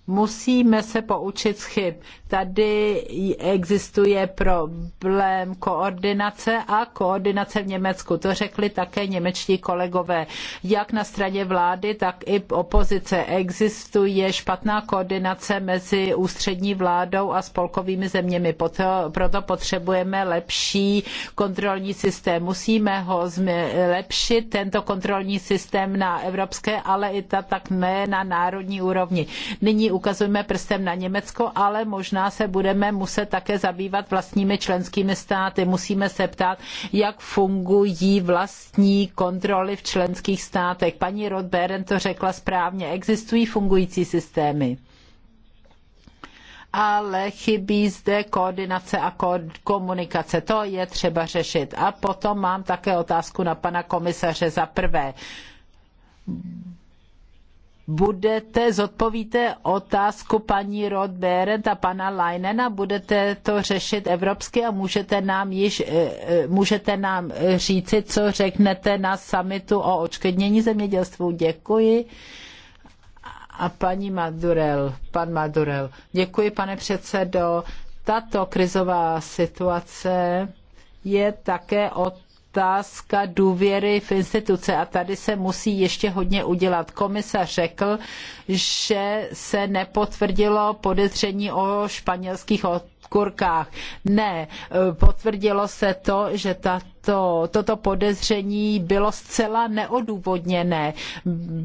Musíme se poučit z chyb. Tady existuje problém koordinace a koordinace v Německu. To řekli také němečtí kolegové. Jak na straně vlády, tak i opozice existuje špatná koordinace mezi ústřední vládou a spolkovými zeměmi. Proto potřebujeme lepší kontrolní systém. Musíme ho zlepšit, tento kontrolní systém na evropské, ale i ta, tak ne na národní úrovni. Nyní ukazujeme prstem na Německo, ale možná se budeme muset také zabývat vlastními členskými státy. Musíme se ptát, jak fungují vlastní kontroly v členských státech. Paní Rodberen to řekla správně. Existují fungující systémy ale chybí zde koordinace a komunikace. To je třeba řešit. A potom mám také otázku na pana komisaře. Za prvé, budete, zodpovíte otázku paní Rod Berend a pana Leinena, budete to řešit evropsky a můžete nám, již, eh, eh, můžete nám říci, co řeknete na summitu o očkodnění zemědělstvu. Děkuji. A paní Madurel, pan Madurel, děkuji, pane předsedo. Tato krizová situace je také o otázka důvěry v instituce a tady se musí ještě hodně udělat. Komisař řekl, že se nepotvrdilo podezření o španělských kurkách. Ne, eh, potvrdilo se to, že ta to toto podezření bylo zcela neodůvodněné.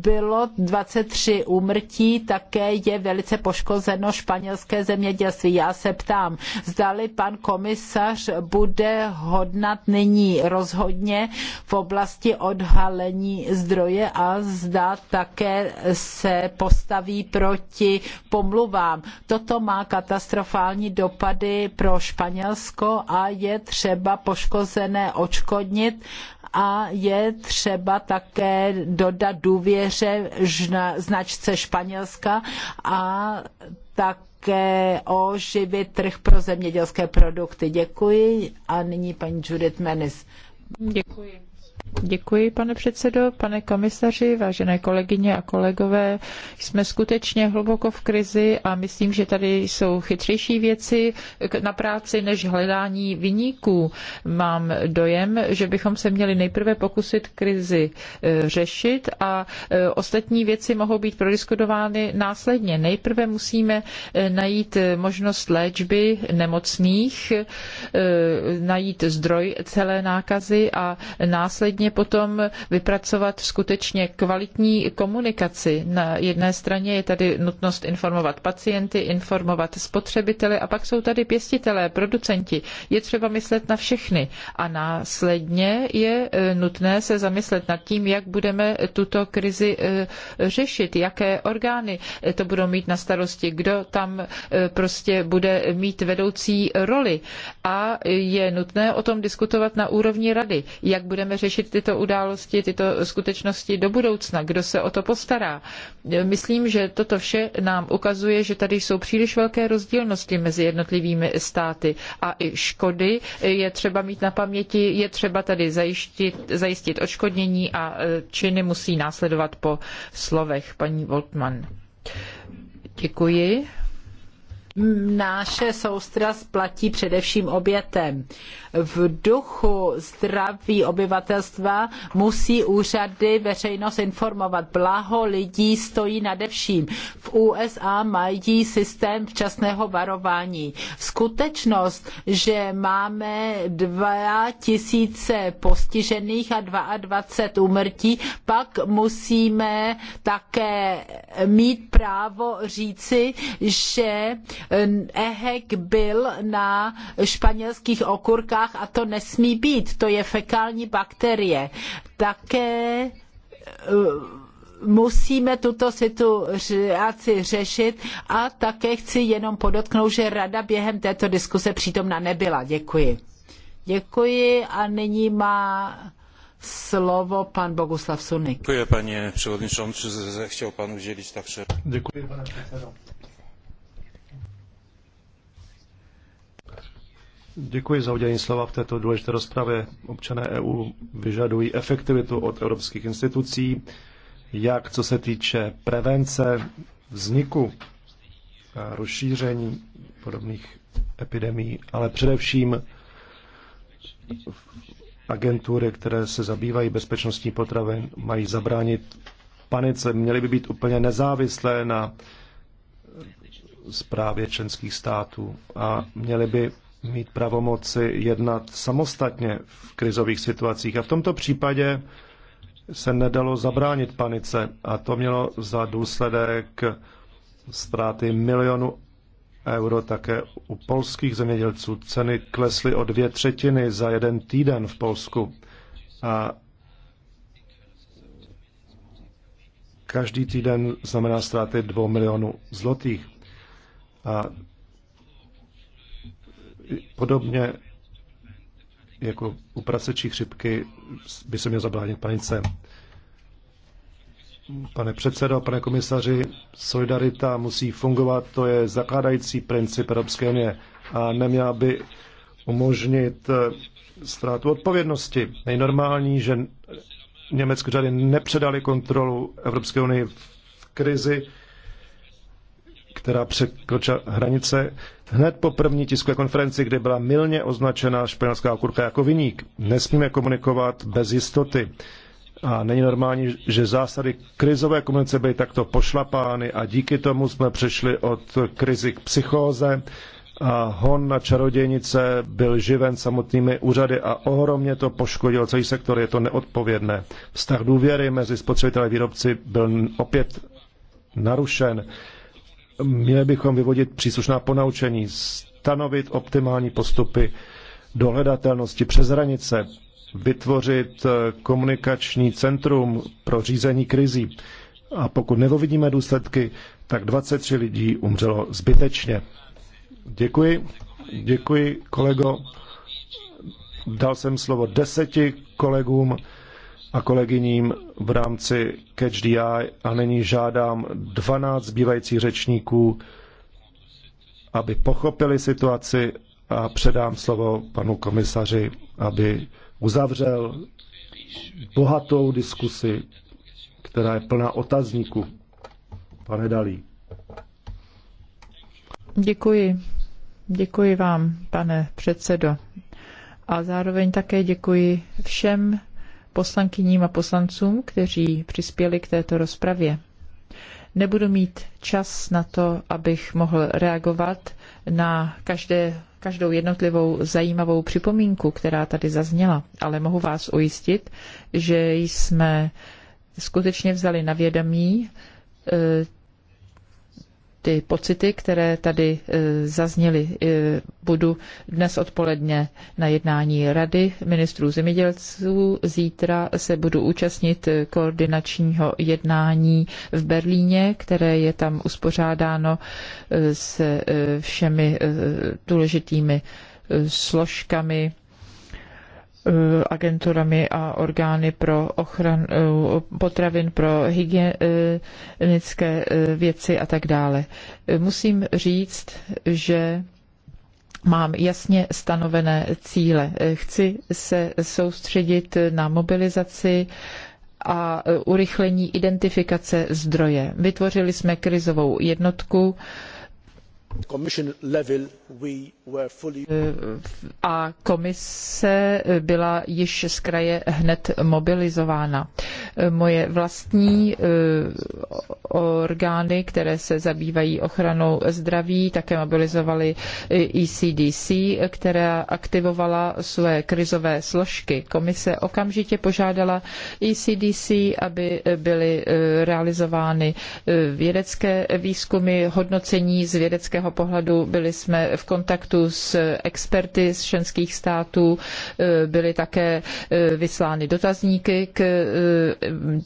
Bylo 23 úmrtí, také je velice poškozeno španělské zemědělství. Já se ptám, zdali pan komisař bude hodnat nyní rozhodně v oblasti odhalení zdroje a zda také se postaví proti pomluvám. Toto má katastrofální dopady pro Španělsko a je třeba poškozené o odškodnit a je třeba také dodat důvěře značce Španělska a také oživit trh pro zemědělské produkty. Děkuji a nyní paní Judith Menis. Děkuji. Děkuji, pane předsedo, pane komisaři, vážené kolegyně a kolegové. Jsme skutečně hluboko v krizi a myslím, že tady jsou chytřejší věci na práci než hledání vyníků. Mám dojem, že bychom se měli nejprve pokusit krizi e, řešit a e, ostatní věci mohou být prodiskutovány následně. Nejprve musíme e, najít možnost léčby nemocných, najít zdroj celé nákazy a následně následně potom vypracovat skutečně kvalitní komunikaci. Na jedné straně je tady nutnost informovat pacienty, informovat spotřebitele a pak jsou tady pěstitelé, producenti. Je třeba myslet na všechny a následně je e, nutné se zamyslet nad tím, jak budeme tuto krizi e, řešit, jaké orgány to budou mít na starosti, kdo tam e, prostě bude mít vedoucí roli. A je nutné o tom diskutovat na úrovni rady, jak budeme řešit řešit tyto události, tyto skutečnosti do budoucna, kdo se o to postará. Myslím, že toto vše nám ukazuje, že tady jsou příliš velké rozdílnosti mezi jednotlivými státy a i škody je třeba mít na paměti, je třeba tady zajistit, zajistit odškodnění a e, činy musí následovat po slovech paní Voltman. Děkuji. Naše soustrast platí především obětem. V duchu zdraví obyvatelstva musí úřady veřejnost informovat. Blaho lidí stojí nadevším. V USA mají systém včasného varování. Skutečnost, že máme 2000 postižených a 22 úmrtí, pak musíme také mít právo říci, že ehek byl na španělských okurkách a to nesmí být. To je fekální bakterie. Také eh, musíme tuto situaci řešit a také chci jenom podotknout, že rada během této diskuse přítomna nebyla. Děkuji. Děkuji a nyní má slovo pan Boguslav Sunik. Děkuji, paní předsedající. Chtěl pan udělit takže... Děkuji, pane předsedo. Děkuji za udělení slova v této důležité rozpravě. Občané EU vyžadují efektivitu od evropských institucí, jak co se týče prevence vzniku a rozšíření podobných epidemí, ale především agentury, které se zabývají bezpečností potravin, mají zabránit panice, měly by být úplně nezávislé na zprávě členských států a měly by mít pravomoci jednat samostatně v krizových situacích. A v tomto případě se nedalo zabránit panice a to mělo za důsledek ztráty milionu euro také u polských zemědělců. Ceny klesly o dvě třetiny za jeden týden v Polsku a každý týden znamená ztráty dvou milionů zlotých. A Podobně jako u prasečí chřipky by se měl zabránit panice. Pane předsedo, pane komisaři, solidarita musí fungovat, to je zakládající princip Evropské unie a neměla by umožnit eh, ztrátu odpovědnosti. Nejnormální, že německé řady nepředali kontrolu Evropské unii v krizi, která překročila hranice hned po první tiskové konferenci, kde byla milně označena španělská okurka jako viník. Nesmíme komunikovat bez jistoty. A není normální, že zásady krizové komunice byly takto pošlapány a díky tomu jsme přešli od krizi k psychóze a hon na čarodějnice byl živen samotnými úřady a ohromně to poškodilo celý sektor, je to neodpovědné. Vztah důvěry mezi spotřebiteli a výrobci byl opět narušen Měli bychom vyvodit příslušná ponaučení, stanovit optimální postupy dohledatelnosti přes hranice, vytvořit eh, komunikační centrum pro řízení krizí. A pokud nevovidíme důsledky, tak 23 lidí umřelo zbytečně. Děkuji, děkuji kolego. Dal jsem slovo deseti kolegům a kolegyním v rámci Catch the Eye a nyní žádám 12 zbývajících řečníků, aby pochopili situaci a předám slovo panu komisaři, aby uzavřel bohatou diskusi, která je plná otazníků. Pane Dalí. Děkuji. Děkuji vám, pane předsedo. A zároveň také děkuji všem poslankyním a poslancům, kteří přispěli k této rozpravě. Nebudu mít čas na to, abych mohl reagovat na každé, každou jednotlivou zajímavou připomínku, která tady zazněla, ale mohu vás ujistit, že jsme skutečně vzali na vědomí eh, ty pocity, které tady e, zazněly. E, budu dnes odpoledne na jednání Rady ministrů zemědělců. Zítra se budu účastnit koordinačního jednání v Berlíně, které je tam uspořádáno e, se všemi důležitými složkami Eh, agenturami a orgány pro ochranu eh, potravin, pro hygienické eh, věci a tak dále. Musím říct, že mám jasně stanovené cíle. Chci se soustředit na mobilizaci a urychlení identifikace zdroje. Vytvořili jsme krizovou jednotku, Eh, a komise byla již zkraje hned mobilizována moje vlastní eh, orgány, které se zabývají ochranou zdraví, také mobilizovaly ECDC, která aktivovala své krizové složky. Komise okamžitě požádala ECDC, aby eh, byly eh, realizovány vědecké výzkumy, hodnocení z vědeckého pohledu. Byli jsme v kontaktu s experty z členských států, byly také vyslány dotazníky k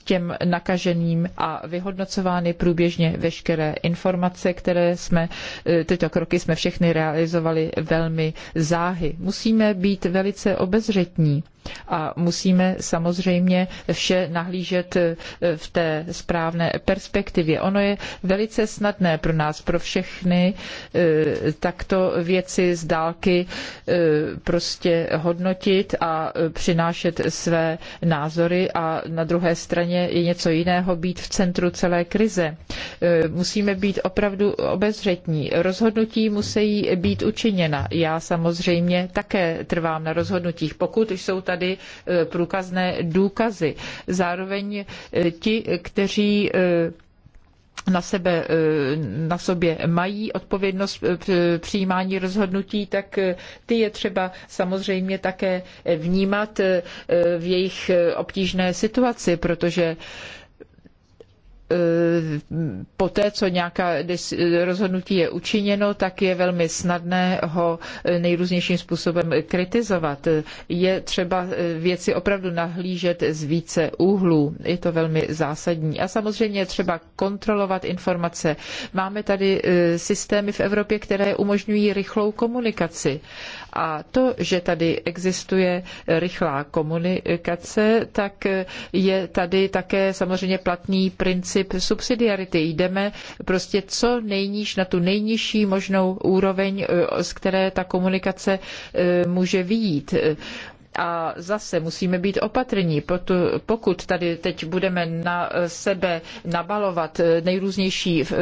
těm nakaženým a vyhodnocovány průběžně veškeré informace, které jsme, e, tyto kroky jsme všechny realizovali velmi záhy. Musíme být velice obezřetní a musíme samozřejmě vše nahlížet eh, v té správné perspektivě. Ono je velice snadné pro nás, pro všechny, eh, takto věci z dálky eh, prostě hodnotit a přinášet své názory a na druhé straně je něco jiného být v centru celé krize. Musíme být opravdu obezřetní. Rozhodnutí musí být učiněna. Já samozřejmě také trvám na rozhodnutích. Pokud jsou tady e, průkazné důkazy. Zároveň e, ti, kteří e, na, sebe, na sobě mají odpovědnost přijímání rozhodnutí, tak ty je třeba samozřejmě také vnímat v jejich obtížné situaci, protože Eh, Poté, co nějaká rozhodnutí je učiněno, tak je velmi snadné ho eh, nejrůznějším způsobem kritizovat. Je třeba eh, věci opravdu nahlížet z více úhlů. Je to velmi zásadní. A samozřejmě je třeba kontrolovat informace. Máme tady systémy v Evropě, které umožňují rychlou komunikaci. A to, že tady existuje rychlá komunikace, tak je tady také samozřejmě platný princip subsidiarity. Jdeme prostě co nejníž na tu nejnižší možnou úroveň, z které ta komunikace e, může výjít. A zase musíme být opatrní, pokud tady teď budeme na sebe nabalovat nejrůznější eh,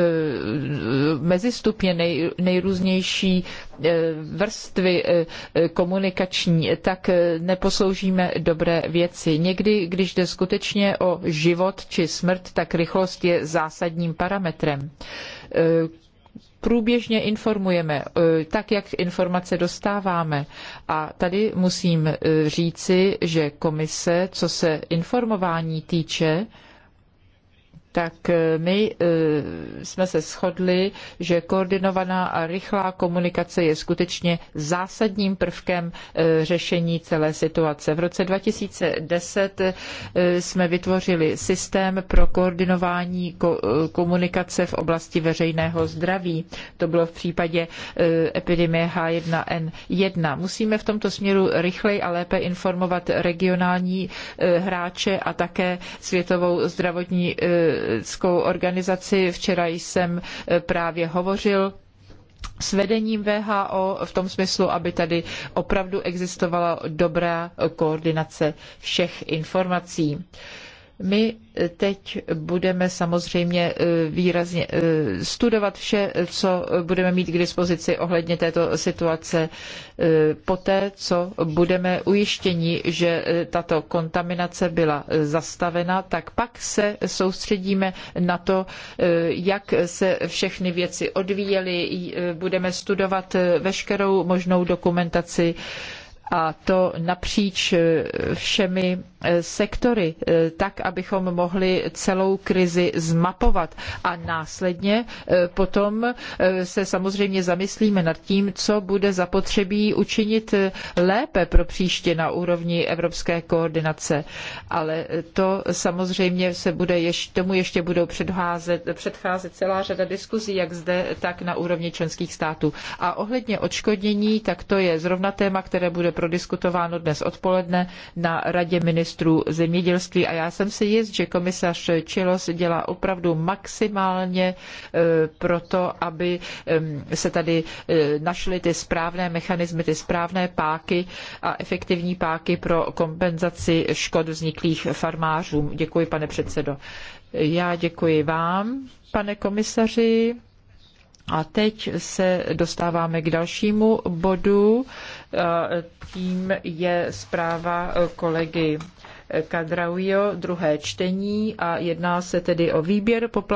mezistupně, nejrůznější eh, vrstvy eh, komunikační, tak neposloužíme dobré věci. Někdy, když jde skutečně o život či smrt, tak rychlost je zásadním parametrem průběžně informujeme, e, tak jak informace dostáváme. A tady musím e, říci, že komise, co se informování týče, tak eh, my eh, jsme se shodli, že koordinovaná a rychlá komunikace je skutečně zásadním prvkem eh, řešení celé situace. V roce 2010 jsme vytvořili systém pro koordinování komunikace v oblasti veřejného zdraví. To bylo v případě epidemie H1N1. Musíme v tomto směru rychleji a lépe informovat regionální hráče a také Světovou zdravotní vědeckou organizaci. Včera jsem eh, právě hovořil s vedením VHO v tom smyslu, aby tady opravdu existovala dobrá koordinace všech informací. Uh, my teď budeme samozřejmě eh, výrazně eh, studovat vše, co budeme mít k dispozici ohledně této situace eh, poté, co budeme ujištěni, že tato kontaminace byla zastavena, tak pak se soustředíme na to, jak se všechny věci odvíjely. Budeme studovat veškerou možnou dokumentaci a to napříč e, všemi e, sektory, e, tak, abychom mohli celou krizi zmapovat a následně potom se samozřejmě zamyslíme nad tím, co bude zapotřebí učinit lépe pro příště na úrovni evropské koordinace. Ale to samozřejmě se bude ještě, tomu ještě budou předházet, předcházet celá řada diskuzí, jak zde, tak na úrovni členských států. A ohledně odškodnění, tak to je zrovna téma, které bude prodiskutováno dnes odpoledne na Radě ministrů zemědělství a já jsem si jist, že komisař Čilos dělá opravdu maximálně e, pro to, aby se tady e, našly ty správné mechanismy, ty správné páky a efektivní páky pro kompenzaci škod vzniklých farmářům. Děkuji, pane předsedo. Já děkuji vám, pane komisaři. A teď se dostáváme k dalšímu bodu. Tím je zpráva kolegy Kadraujo, druhé čtení a jedná se tedy o výběr poplatků.